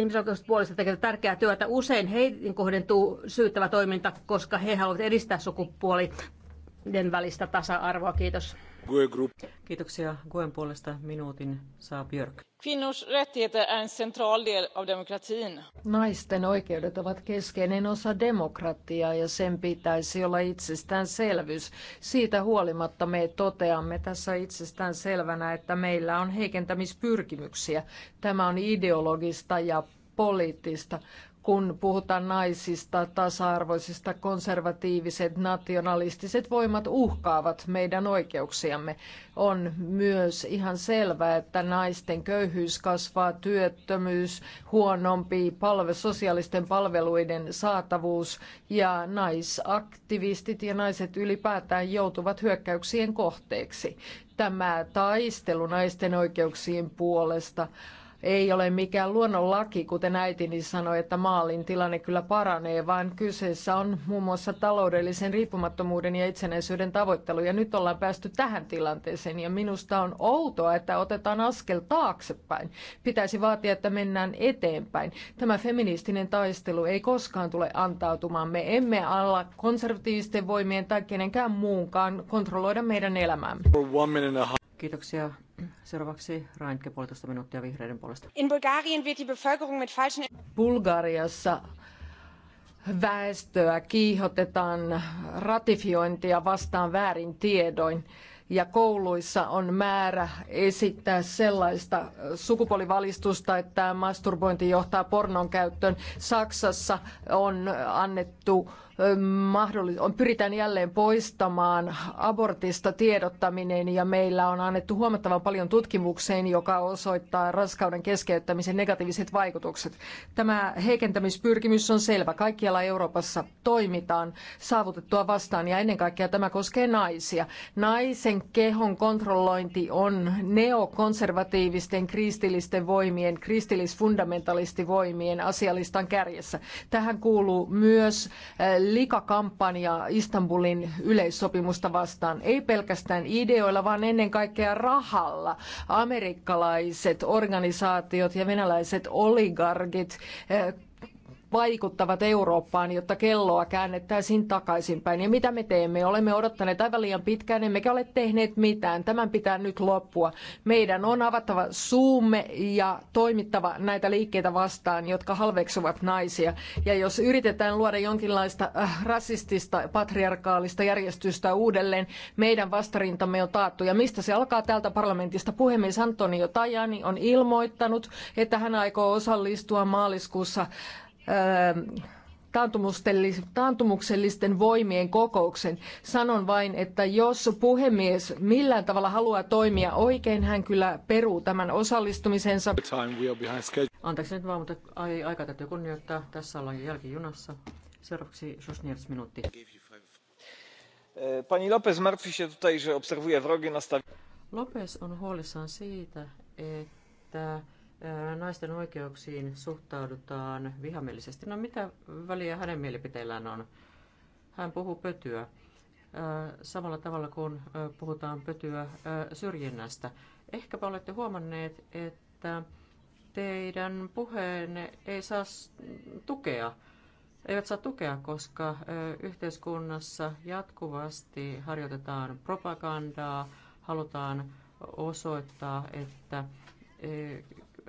puolesta tekevät tärkeää työtä. Usein heihin kohdentuu syyttävä toiminta, koska he haluavat edistää sukupuolien välistä tasa-arvoa. Kiitos. GUE Group. Kiitoksia GUEn puolesta. Minuutin saa Björk. Kvinnors rättigheter är en central del av demokratin. Naisten oikeudet ovat keskeinen osa demokratiaa ja sen pitäisi olla itsestäänselvyys. Siitä huolimatta me toteamme tässä itsestään selvänä, että meillä on heikentämispyrkimyksiä. Tämä on ideologista ja poliittista kun puhutaan naisista, tasa-arvoisista, konservatiiviset, nationalistiset voimat uhkaavat meidän oikeuksiamme. On myös ihan selvää, että naisten köyhyys kasvaa, työttömyys, huonompi palve, sosiaalisten palveluiden saatavuus ja naisaktivistit ja naiset ylipäätään joutuvat hyökkäyksien kohteeksi. Tämä taistelu naisten oikeuksien puolesta ei ole mikään luonnonlaki, kuten äitini sanoi, että maalin tilanne kyllä paranee, vaan kyseessä on muun muassa taloudellisen riippumattomuuden ja itsenäisyyden tavoittelu. Ja nyt ollaan päästy tähän tilanteeseen ja minusta on outoa, että otetaan askel taaksepäin. Pitäisi vaatia, että mennään eteenpäin. Tämä feministinen taistelu ei koskaan tule antautumaan. Me emme alla konservatiivisten voimien tai kenenkään muunkaan kontrolloida meidän elämäämme. Kiitoksia. Seuraavaksi Rainke puolitoista minuuttia vihreiden puolesta. In Bulgarien wird die Bevölkerung mit falschen... Bulgariassa väestöä kiihotetaan ratifiointia vastaan väärin tiedoin ja kouluissa on määrä esittää sellaista sukupuolivalistusta, että masturbointi johtaa pornon käyttöön. Saksassa on annettu on, pyritään jälleen poistamaan abortista tiedottaminen ja meillä on annettu huomattavan paljon tutkimukseen, joka osoittaa raskauden keskeyttämisen negatiiviset vaikutukset. Tämä heikentämispyrkimys on selvä. Kaikkialla Euroopassa toimitaan saavutettua vastaan ja ennen kaikkea tämä koskee naisia. Naisen kehon kontrollointi on neokonservatiivisten kristillisten voimien, kristillisfundamentalistivoimien asialistan kärjessä. Tähän kuuluu myös likakampanja Istanbulin yleissopimusta vastaan. Ei pelkästään ideoilla, vaan ennen kaikkea rahalla. Amerikkalaiset organisaatiot ja venäläiset oligarkit eh, vaikuttavat Eurooppaan, jotta kelloa käännettäisiin takaisinpäin. Ja mitä me teemme? Olemme odottaneet aivan liian pitkään, emmekä ole tehneet mitään. Tämän pitää nyt loppua. Meidän on avattava suumme ja toimittava näitä liikkeitä vastaan, jotka halveksuvat naisia. Ja jos yritetään luoda jonkinlaista äh, rasistista, patriarkaalista järjestystä uudelleen, meidän vastarintamme on taattu. Ja mistä se alkaa täältä parlamentista? Puhemies Antonio Tajani on ilmoittanut, että hän aikoo osallistua maaliskuussa äh, Ähm, taantumuksellisten voimien kokouksen. Sanon vain, että jos puhemies millään tavalla haluaa toimia oikein, hän kyllä peruu tämän osallistumisensa. Anteeksi nyt vaan, mutta ai, aika täytyy kunnioittaa. Tässä ollaan jo jälkijunassa. Seuraavaksi Sosniers minuutti. E, pani Lopez martwi się tutaj, że obserwuje wrogie nastawienie. Lopez on huolissaan siitä, että naisten oikeuksiin suhtaudutaan vihamielisesti. No mitä väliä hänen mielipiteillään on? Hän puhuu pötyä. Samalla tavalla kuin puhutaan pötyä syrjinnästä. Ehkäpä olette huomanneet, että teidän puheenne ei saa tukea, eivät saa tukea, koska yhteiskunnassa jatkuvasti harjoitetaan propagandaa, halutaan osoittaa, että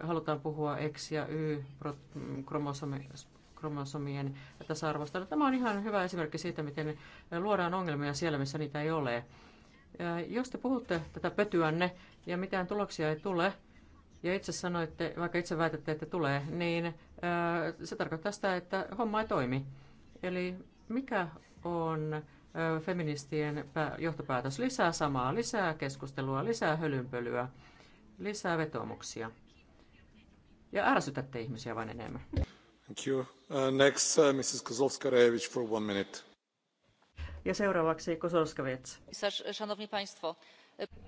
halutaan puhua X- ja Y-kromosomien tasa-arvosta. No, tämä on ihan hyvä esimerkki siitä, miten luodaan ongelmia siellä, missä niitä ei ole. Jos te puhutte tätä pötyänne ja mitään tuloksia ei tule, ja itse sanoitte, vaikka itse väitätte, että tulee, niin se tarkoittaa sitä, että homma ei toimi. Eli mikä on feministien johtopäätös? Lisää samaa, lisää keskustelua, lisää hölynpölyä, lisää vetomuksia ja ärsytätte ihmisiä vain enemmän. Thank you. Uh, next, uh, Mrs. rejewicz for one minute. Ja seuraavaksi Kozlovska-Vets.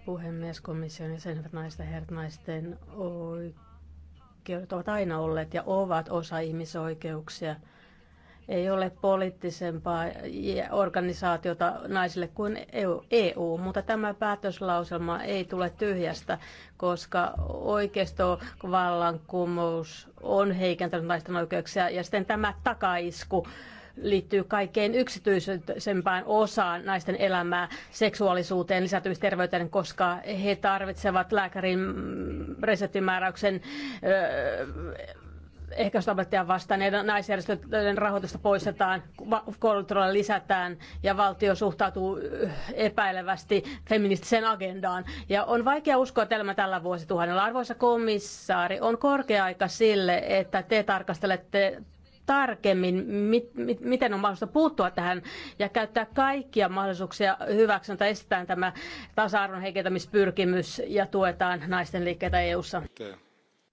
Puhemies, komission ja sen naisten herrat naisten oikeudet ovat aina olleet ja ovat osa ihmisoikeuksia – ei ole poliittisempaa organisaatiota naisille kuin EU, e mutta tämä päätöslauselma ei tule tyhjästä, koska oikeistovallankumous on heikentänyt naisten oikeuksia ja sitten tämä takaisku liittyy kaikkein yksityisempään osaan naisten elämää, seksuaalisuuteen, terveyteen, koska he tarvitsevat lääkärin reseptimääräyksen öö, ehkäisytabletteja vastaan ja naisjärjestöjen rahoitusta poistetaan, koulutuksella lisätään ja valtio suhtautuu epäilevästi feministiseen agendaan. Ja on vaikea uskoa tämä tällä vuosituhannella. Arvoisa komissaari, on korkea aika sille, että te tarkastelette tarkemmin, mit, mit, miten on mahdollista puuttua tähän ja käyttää kaikkia mahdollisuuksia hyväksi, että estetään tämä tasa-arvon heikentämispyrkimys ja tuetaan naisten liikkeitä EU-ssa.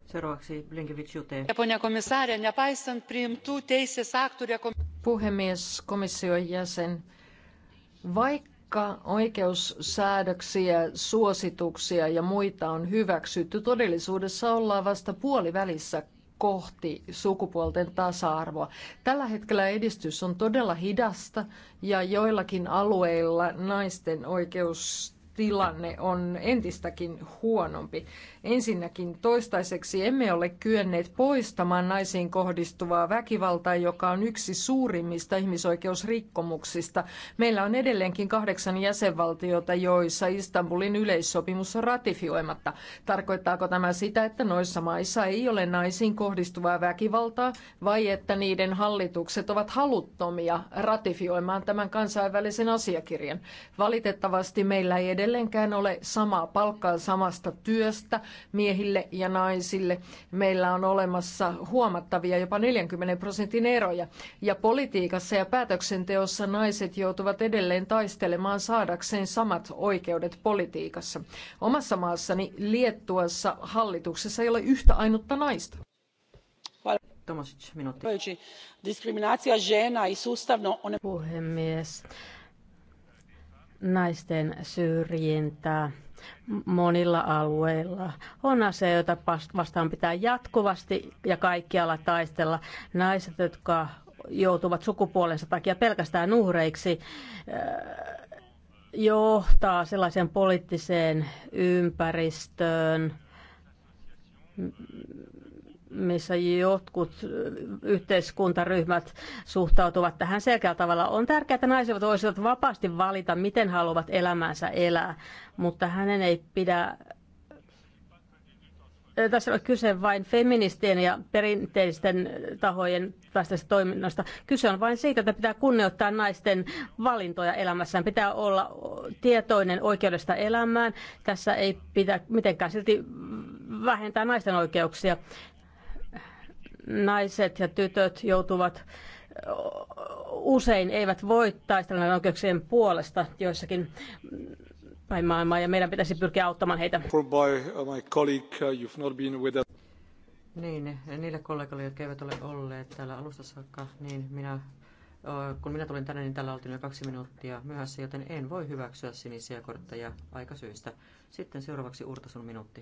Seuraavaksi Japonia komissaari, nepaisant priimtų teisės aktų Puhemies, komission jäsen, vaikka oikeussäädöksiä, suosituksia ja muita on hyväksytty, todellisuudessa ollaan vasta puolivälissä kohti sukupuolten tasa-arvoa. Tällä hetkellä edistys on todella hidasta ja joillakin alueilla naisten oikeus tilanne on entistäkin huonompi. Ensinnäkin toistaiseksi emme ole kyenneet poistamaan naisiin kohdistuvaa väkivaltaa, joka on yksi suurimmista ihmisoikeusrikkomuksista. Meillä on edelleenkin kahdeksan jäsenvaltiota, joissa Istanbulin yleissopimus on ratifioimatta. Tarkoittaako tämä sitä, että noissa maissa ei ole naisiin kohdistuvaa väkivaltaa vai että niiden hallitukset ovat haluttomia ratifioimaan tämän kansainvälisen asiakirjan? Valitettavasti meillä ei edelleen edelleenkään ole samaa palkkaa samasta työstä miehille ja naisille. Meillä on olemassa huomattavia jopa 40 prosentin eroja. Ja politiikassa ja päätöksenteossa naiset joutuvat edelleen taistelemaan saadakseen samat oikeudet politiikassa. Omassa maassani Liettuassa hallituksessa ei ole yhtä ainutta naista arvoisa puhemies naisten syrjintää monilla alueilla on asia, joita vastaan pitää jatkuvasti ja kaikkialla taistella. Naiset, jotka joutuvat sukupuolensa takia pelkästään uhreiksi, eh, johtaa sellaiseen poliittiseen ympäristöön, missä jotkut yhteiskuntaryhmät suhtautuvat tähän selkeällä tavalla. On tärkeää, että naiset voisivat vapaasti valita, miten haluavat elämänsä elää, mutta hänen ei pidä tässä on kyse vain feministien ja perinteisten tahojen vastaisesta toiminnasta. Kyse on vain siitä, että pitää kunnioittaa naisten valintoja elämässään. Pitää olla tietoinen oikeudesta elämään. Tässä ei pidä mitenkään silti vähentää naisten oikeuksia naiset ja tytöt joutuvat usein eivät voi taistella oikeuksien puolesta joissakin päin maailmaa ja meidän pitäisi pyrkiä auttamaan heitä. Uh, uh, niin, niille kollegoille, jotka eivät ole olleet täällä alusta saakka, niin minä, kun minä tulin tänne, niin täällä oltiin jo kaksi minuuttia myöhässä, joten en voi hyväksyä sinisiä kortteja aikasyistä. Sitten seuraavaksi Urtasun minuutti.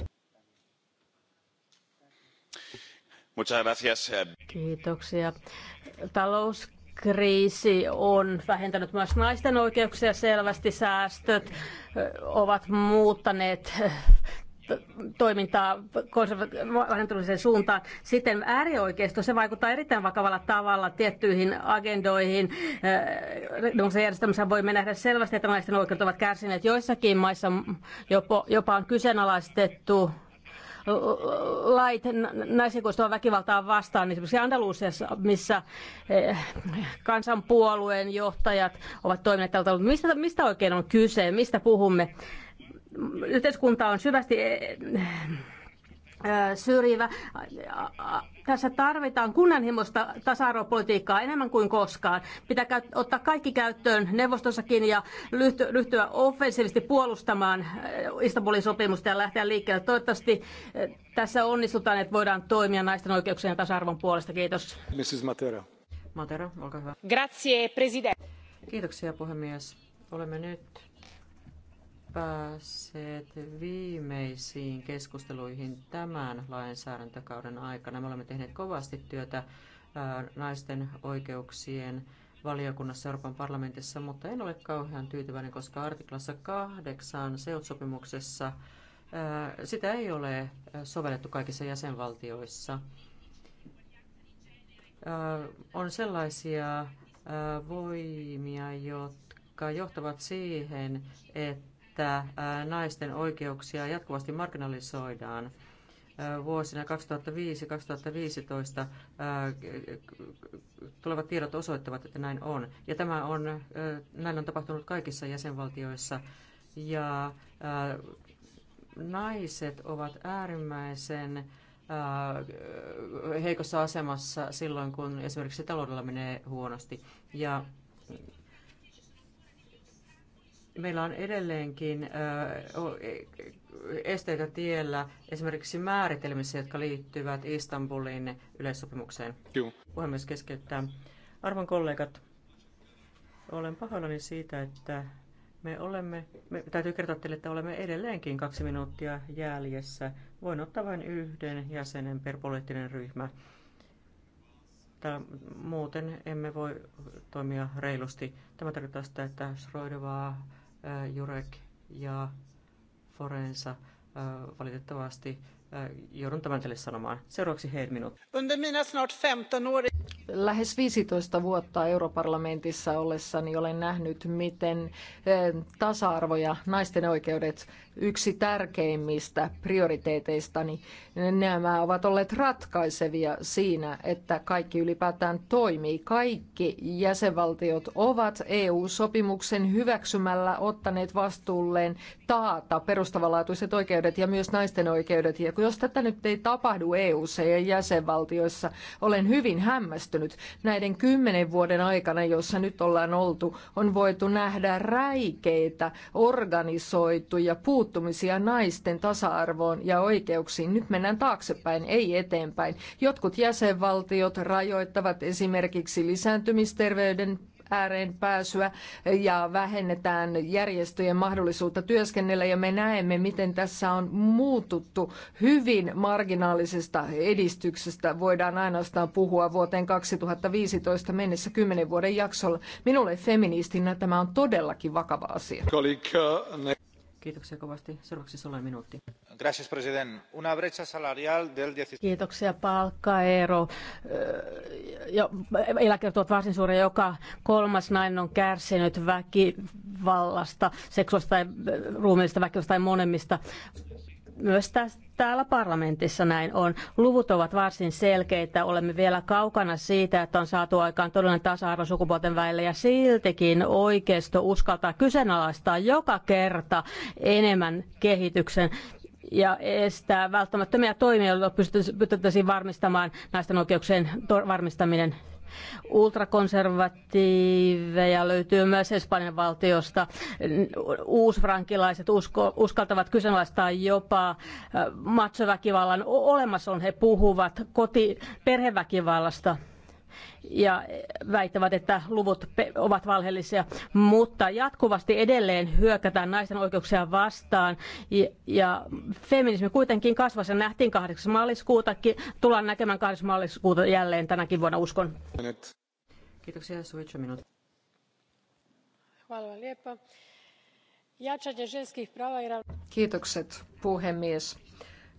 Eh. Kiitoksia. Talous kriisi on vähentänyt myös naisten oikeuksia selvästi. Säästöt ovat muuttaneet toimintaa konservatiiviseen suuntaan. Sitten äärioikeisto, se vaikuttaa erittäin vakavalla tavalla tiettyihin agendoihin. Demokratian järjestelmässä voimme nähdä selvästi, että naisten oikeudet ovat kärsineet. Joissakin maissa jopa, jopa on kyseenalaistettu lait naisiin kohdistuvan väkivaltaa vastaan. niin Esimerkiksi Andalusiassa, missä eh, kansanpuolueen johtajat ovat toimineet tältä mutta mistä, mistä oikein on kyse, mistä puhumme? Yhteiskunta on syvästi eh, syrjivä. Tässä tarvitaan kunnanhimoista tasa-arvopolitiikkaa enemmän kuin koskaan. Pitää ottaa kaikki käyttöön neuvostossakin ja ryhtyä offensiivisesti puolustamaan Istanbulin sopimusta ja lähteä liikkeelle. Toivottavasti tässä onnistutaan, että voidaan toimia naisten oikeuksien ja tasa-arvon puolesta. Kiitos. Mrs. Matera. Matera, olkaa hyvä. Grazie, president. Kiitoksia puhemies. Olemme nyt päässeet viimeisiin keskusteluihin tämän lainsäädäntökauden aikana. Me olemme tehneet kovasti työtä naisten oikeuksien valiokunnassa Euroopan parlamentissa, mutta en ole kauhean tyytyväinen, koska artiklassa kahdeksan seutsopimuksessa sitä ei ole sovellettu kaikissa jäsenvaltioissa. On sellaisia voimia, jotka johtavat siihen, että että naisten oikeuksia jatkuvasti marginalisoidaan. Vuosina 2005-2015 tulevat tiedot osoittavat, että näin on. Ja tämä on, näin on tapahtunut kaikissa jäsenvaltioissa. Ja naiset ovat äärimmäisen heikossa asemassa silloin, kun esimerkiksi taloudella menee huonosti. Ja meillä on edelleenkin e, esteitä tiellä esimerkiksi määritelmissä, jotka liittyvät Istanbulin yleissopimukseen. Joo. Puhemies keskeyttää. Arvon kollegat, olen pahoillani siitä, että me olemme, me, täytyy kertoa teille, että olemme edelleenkin kaksi minuuttia jäljessä. Voin ottaa vain yhden jäsenen per poliittinen ryhmä. Tää, muuten emme voi toimia reilusti. Tämä tarkoittaa sitä, että Schroedervaa Äh, Jurek ja Forensa. Äh, valitettavasti äh, joudun tämän teille sanomaan. Seuraavaksi heidän minuutti. Lähes 15 vuotta europarlamentissa ollessani olen nähnyt, miten tasa-arvo ja naisten oikeudet yksi tärkeimmistä prioriteeteistani. Nämä ovat olleet ratkaisevia siinä, että kaikki ylipäätään toimii. Kaikki jäsenvaltiot ovat EU-sopimuksen hyväksymällä ottaneet vastuulleen taata perustavanlaatuiset oikeudet ja myös naisten oikeudet. Ja jos tätä nyt ei tapahdu eu ja jäsenvaltioissa, olen hyvin hämmästynyt. Näiden kymmenen vuoden aikana, jossa nyt ollaan oltu, on voitu nähdä räikeitä, organisoituja, puutteita puuttumisia naisten tasa-arvoon ja oikeuksiin. Nyt mennään taaksepäin, ei eteenpäin. Jotkut jäsenvaltiot rajoittavat esimerkiksi lisääntymisterveyden ääreen pääsyä ja vähennetään järjestöjen mahdollisuutta työskennellä ja me näemme, miten tässä on muututtu hyvin marginaalisesta edistyksestä. Voidaan ainoastaan puhua vuoteen 2015 mennessä kymmenen vuoden jaksolla. Minulle feministinä tämä on todellakin vakava asia. Kiitoksia kovasti. Seuraavaksi sulle minuutti. Gracias, president. Una brecha salarial del 10... Kiitoksia. Palkkaero. Eläkerot ovat varsin suuria. Joka kolmas nainen on kärsinyt väkivallasta, seksuaalista tai ruumiillista väkivallasta tai monemmista myös tästä, täällä parlamentissa näin on. Luvut ovat varsin selkeitä. Olemme vielä kaukana siitä, että on saatu aikaan todellinen tasa-arvo sukupuolten välillä ja siltikin oikeisto uskaltaa kyseenalaistaa joka kerta enemmän kehityksen ja estää välttämättömiä toimia, joilla pystyttäisiin varmistamaan naisten oikeuksien varmistaminen Ultrakonservatiiveja löytyy myös Espanjan valtiosta. Uusfrankilaiset usko, uskaltavat kyseenalaistaa jopa äh, olemassa on He puhuvat koti, perheväkivallasta ja väittävät, että luvut ovat valheellisia, mutta jatkuvasti edelleen hyökätään naisten oikeuksia vastaan ja, feminismi kuitenkin kasvaa. Se nähtiin 8. maaliskuuta, tullaan näkemään 8. maaliskuuta jälleen tänäkin vuonna uskon. Kiitoksia, Suvitsa, minuut. Kiitokset puhemies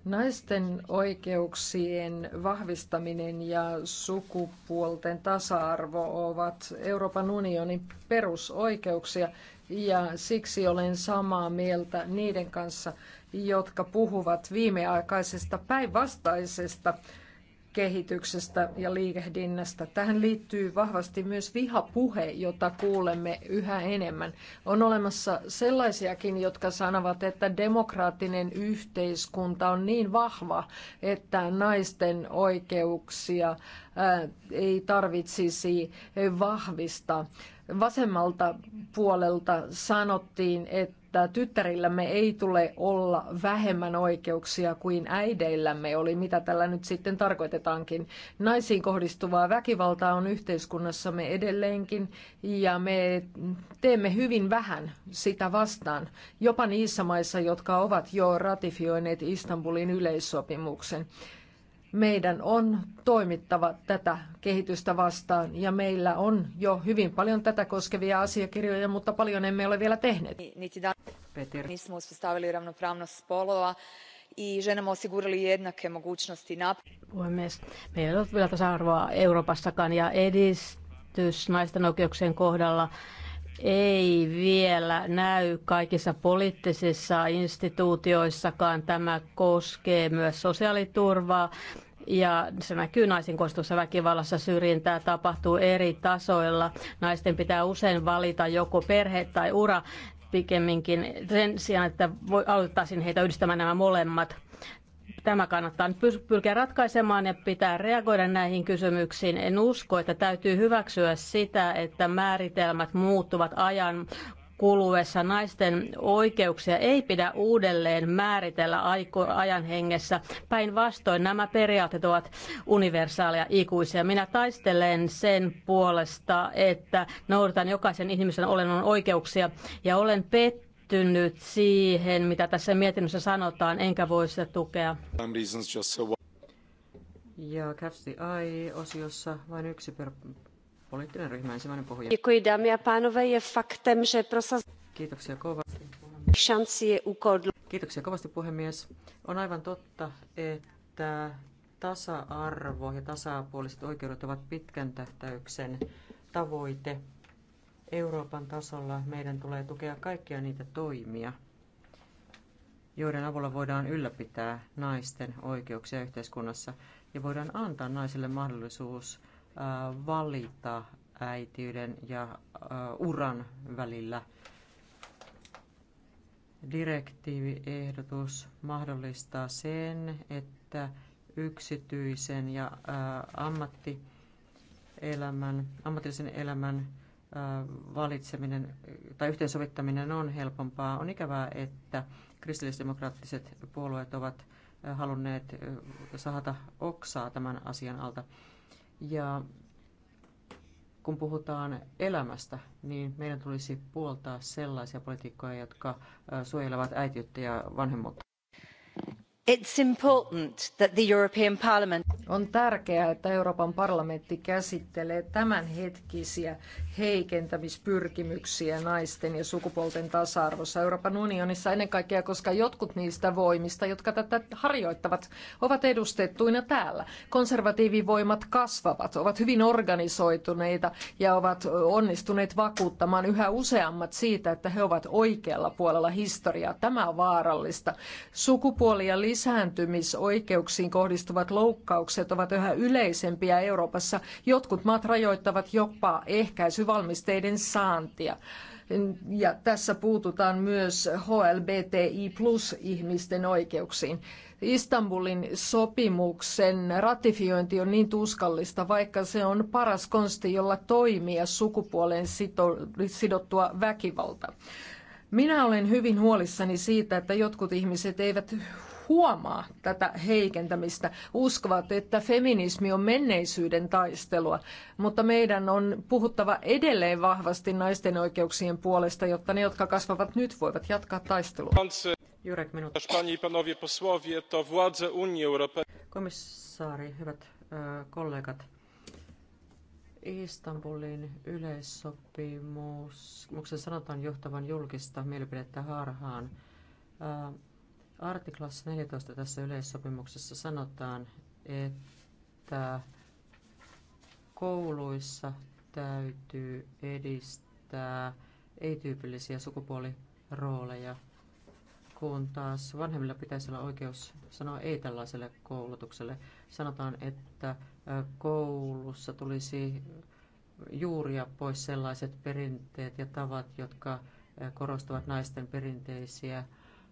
Naisten oikeuksien vahvistaminen ja sukupuolten tasa-arvo ovat Euroopan unionin perusoikeuksia ja siksi olen samaa mieltä niiden kanssa, jotka puhuvat viimeaikaisesta päinvastaisesta kehityksestä ja liikehdinnästä. Tähän liittyy vahvasti myös vihapuhe, jota kuulemme yhä enemmän. On olemassa sellaisiakin, jotka sanovat, että demokraattinen yhteiskunta on niin vahva, että naisten oikeuksia ei tarvitsisi vahvistaa. Vasemmalta puolelta sanottiin, että että tyttärillämme ei tule olla vähemmän oikeuksia kuin äideillämme, oli mitä tällä nyt sitten tarkoitetaankin. Naisiin kohdistuvaa väkivaltaa on yhteiskunnassamme edelleenkin ja me teemme hyvin vähän sitä vastaan, jopa niissä maissa, jotka ovat jo ratifioineet Istanbulin yleissopimuksen. Meidän on toimittava tätä kehitystä vastaan ja meillä on jo hyvin paljon tätä koskevia asiakirjoja, mutta paljon emme ole vielä tehneet. Peter. i ženama osigurali jednake mogućnosti Puhemies, meillä ei ole vielä tasa-arvoa Euroopassakaan ja edistys naisten oikeuksien kohdalla ei vielä näy kaikissa poliittisissa instituutioissakaan. Tämä koskee myös sosiaaliturvaa ja se näkyy naisin kohdistuvassa väkivallassa. Syrjintää tapahtuu eri tasoilla. Naisten pitää usein valita joko perhe tai ura pikemminkin sen sijaan, että autettaisiin heitä yhdistämään nämä molemmat tämä kannattaa nyt pyrkiä ratkaisemaan ja pitää reagoida näihin kysymyksiin. En usko, että täytyy hyväksyä sitä, että määritelmät muuttuvat ajan kuluessa naisten oikeuksia ei pidä uudelleen määritellä ajan hengessä. Päinvastoin nämä periaatteet ovat universaaleja ikuisia. Minä taistelen sen puolesta, että noudatan jokaisen ihmisen olennon oikeuksia ja olen pettynyt pettynyt siihen, mitä tässä mietinnössä sanotaan, enkä voi sitä tukea. Ja Catch the Eye-osiossa vain yksi per poliittinen ryhmä, ensimmäinen puhuja. faktem, Kiitoksia kovasti. Kiitoksia kovasti puhemies. On aivan totta, että tasa-arvo ja tasapuoliset oikeudet ovat pitkän tähtäyksen tavoite Euroopan tasolla meidän tulee tukea kaikkia niitä toimia, joiden avulla voidaan ylläpitää naisten oikeuksia yhteiskunnassa ja voidaan antaa naisille mahdollisuus äh, valita äitiyden ja äh, uran välillä. Direktiiviehdotus mahdollistaa sen, että yksityisen ja äh, ammattielämän, ammatillisen elämän Äh, valitseminen tai yhteensovittaminen on helpompaa. On ikävää, että kristillisdemokraattiset puolueet ovat äh, halunneet äh, sahata oksaa tämän asian alta. Ja kun puhutaan elämästä, niin meidän tulisi puoltaa sellaisia politiikkoja, jotka suojelevat äitiyttä ja vanhemmuutta. On tärkeää, että Euroopan parlamentti käsittelee tämänhetkisiä heikentämispyrkimyksiä naisten ja sukupuolten tasa-arvossa Euroopan unionissa ennen kaikkea, koska jotkut niistä voimista, jotka tätä harjoittavat, ovat edustettuina täällä. Konservatiivivoimat kasvavat, ovat hyvin organisoituneita ja ovat onnistuneet vakuuttamaan yhä useammat siitä, että he ovat oikealla puolella historiaa. Tämä on vaarallista. Sukupuoli ja lisääntymisoikeuksiin kohdistuvat loukkaukset ovat yhä yleisempiä Euroopassa. Jotkut maat rajoittavat jopa ehkäisyvalmisteiden saantia. Ja tässä puututaan myös HLBTI plus ihmisten oikeuksiin. Istanbulin sopimuksen ratifiointi on niin tuskallista, vaikka se on paras konsti, jolla toimia sukupuoleen sidottua väkivalta. Minä olen hyvin huolissani siitä, että jotkut ihmiset eivät huomaa tätä heikentämistä, uskovat, että feminismi on menneisyyden taistelua, mutta meidän on puhuttava edelleen vahvasti naisten oikeuksien puolesta, jotta ne, jotka kasvavat nyt, voivat jatkaa taistelua. Jurek, minuutti. Komissaari, hyvät kollegat, Istanbulin yleissopimuksen sanotaan johtavan julkista mielipidettä harhaan. Artiklassa 14 tässä yleissopimuksessa sanotaan, että kouluissa täytyy edistää ei-tyypillisiä sukupuolirooleja, kun taas vanhemmilla pitäisi olla oikeus sanoa ei tällaiselle koulutukselle. Sanotaan, että koulussa tulisi juuria pois sellaiset perinteet ja tavat, jotka korostavat naisten perinteisiä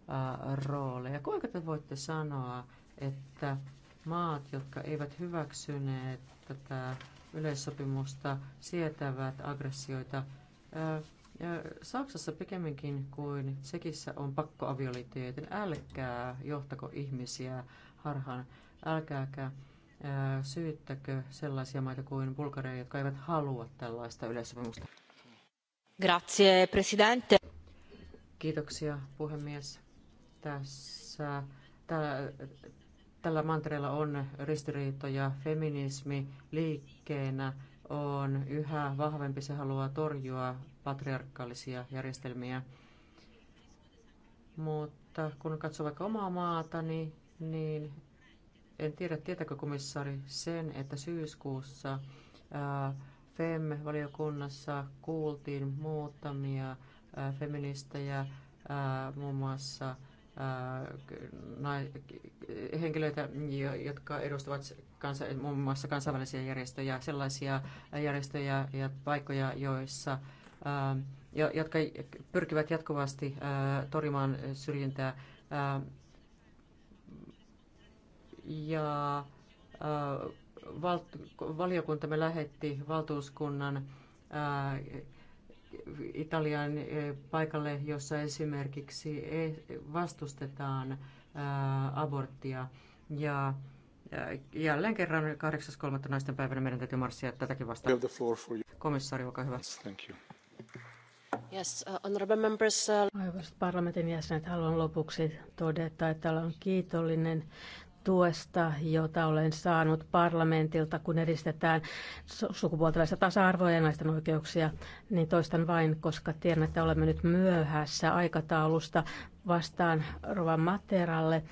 Äh, rooleja. Kuinka te voitte sanoa, että maat, jotka eivät hyväksyneet tätä yleissopimusta, sietävät aggressioita? Äh, äh, Saksassa pikemminkin kuin Sekissä on pakkoavioliittoja, joten älkää johtako ihmisiä harhaan, älkääkä syyttäkö sellaisia maita kuin Bulgaria, jotka eivät halua tällaista yleissopimusta. Grazie, presidente. Kiitoksia, puhemies. Tässä tällä, tällä mantereella on ristiriitoja. Feminismi liikkeenä on yhä vahvempi. Se haluaa torjua patriarkaalisia järjestelmiä. Mutta kun katsoo vaikka omaa maatani, niin en tiedä, tietääkö komissaari sen, että syyskuussa FEM-valiokunnassa kuultiin muutamia feministejä, muun muassa – henkilöitä, jotka edustavat kansa, muun muassa kansainvälisiä järjestöjä, sellaisia järjestöjä ja paikkoja, joissa jotka pyrkivät jatkuvasti torjumaan syrjintää. Ja valiokuntamme lähetti valtuuskunnan Italian eh, paikalle, jossa esimerkiksi eh, vastustetaan eh, aborttia. Ja jälleen kerran 8.3. naisten päivänä meidän täytyy marssia tätäkin vastaan. Komissaari, olkaa hyvä. Thank you. Yes, uh, honorable members. Uh, Arvoisat parlamentin jäsenet, haluan lopuksi todeta, että olen kiitollinen tuesta, jota olen saanut parlamentilta, kun edistetään sukupuolta välistä tasa-arvoa ja naisten oikeuksia, niin toistan vain, koska tiedän, että olemme nyt myöhässä aikataulusta vastaan Rova Materalle.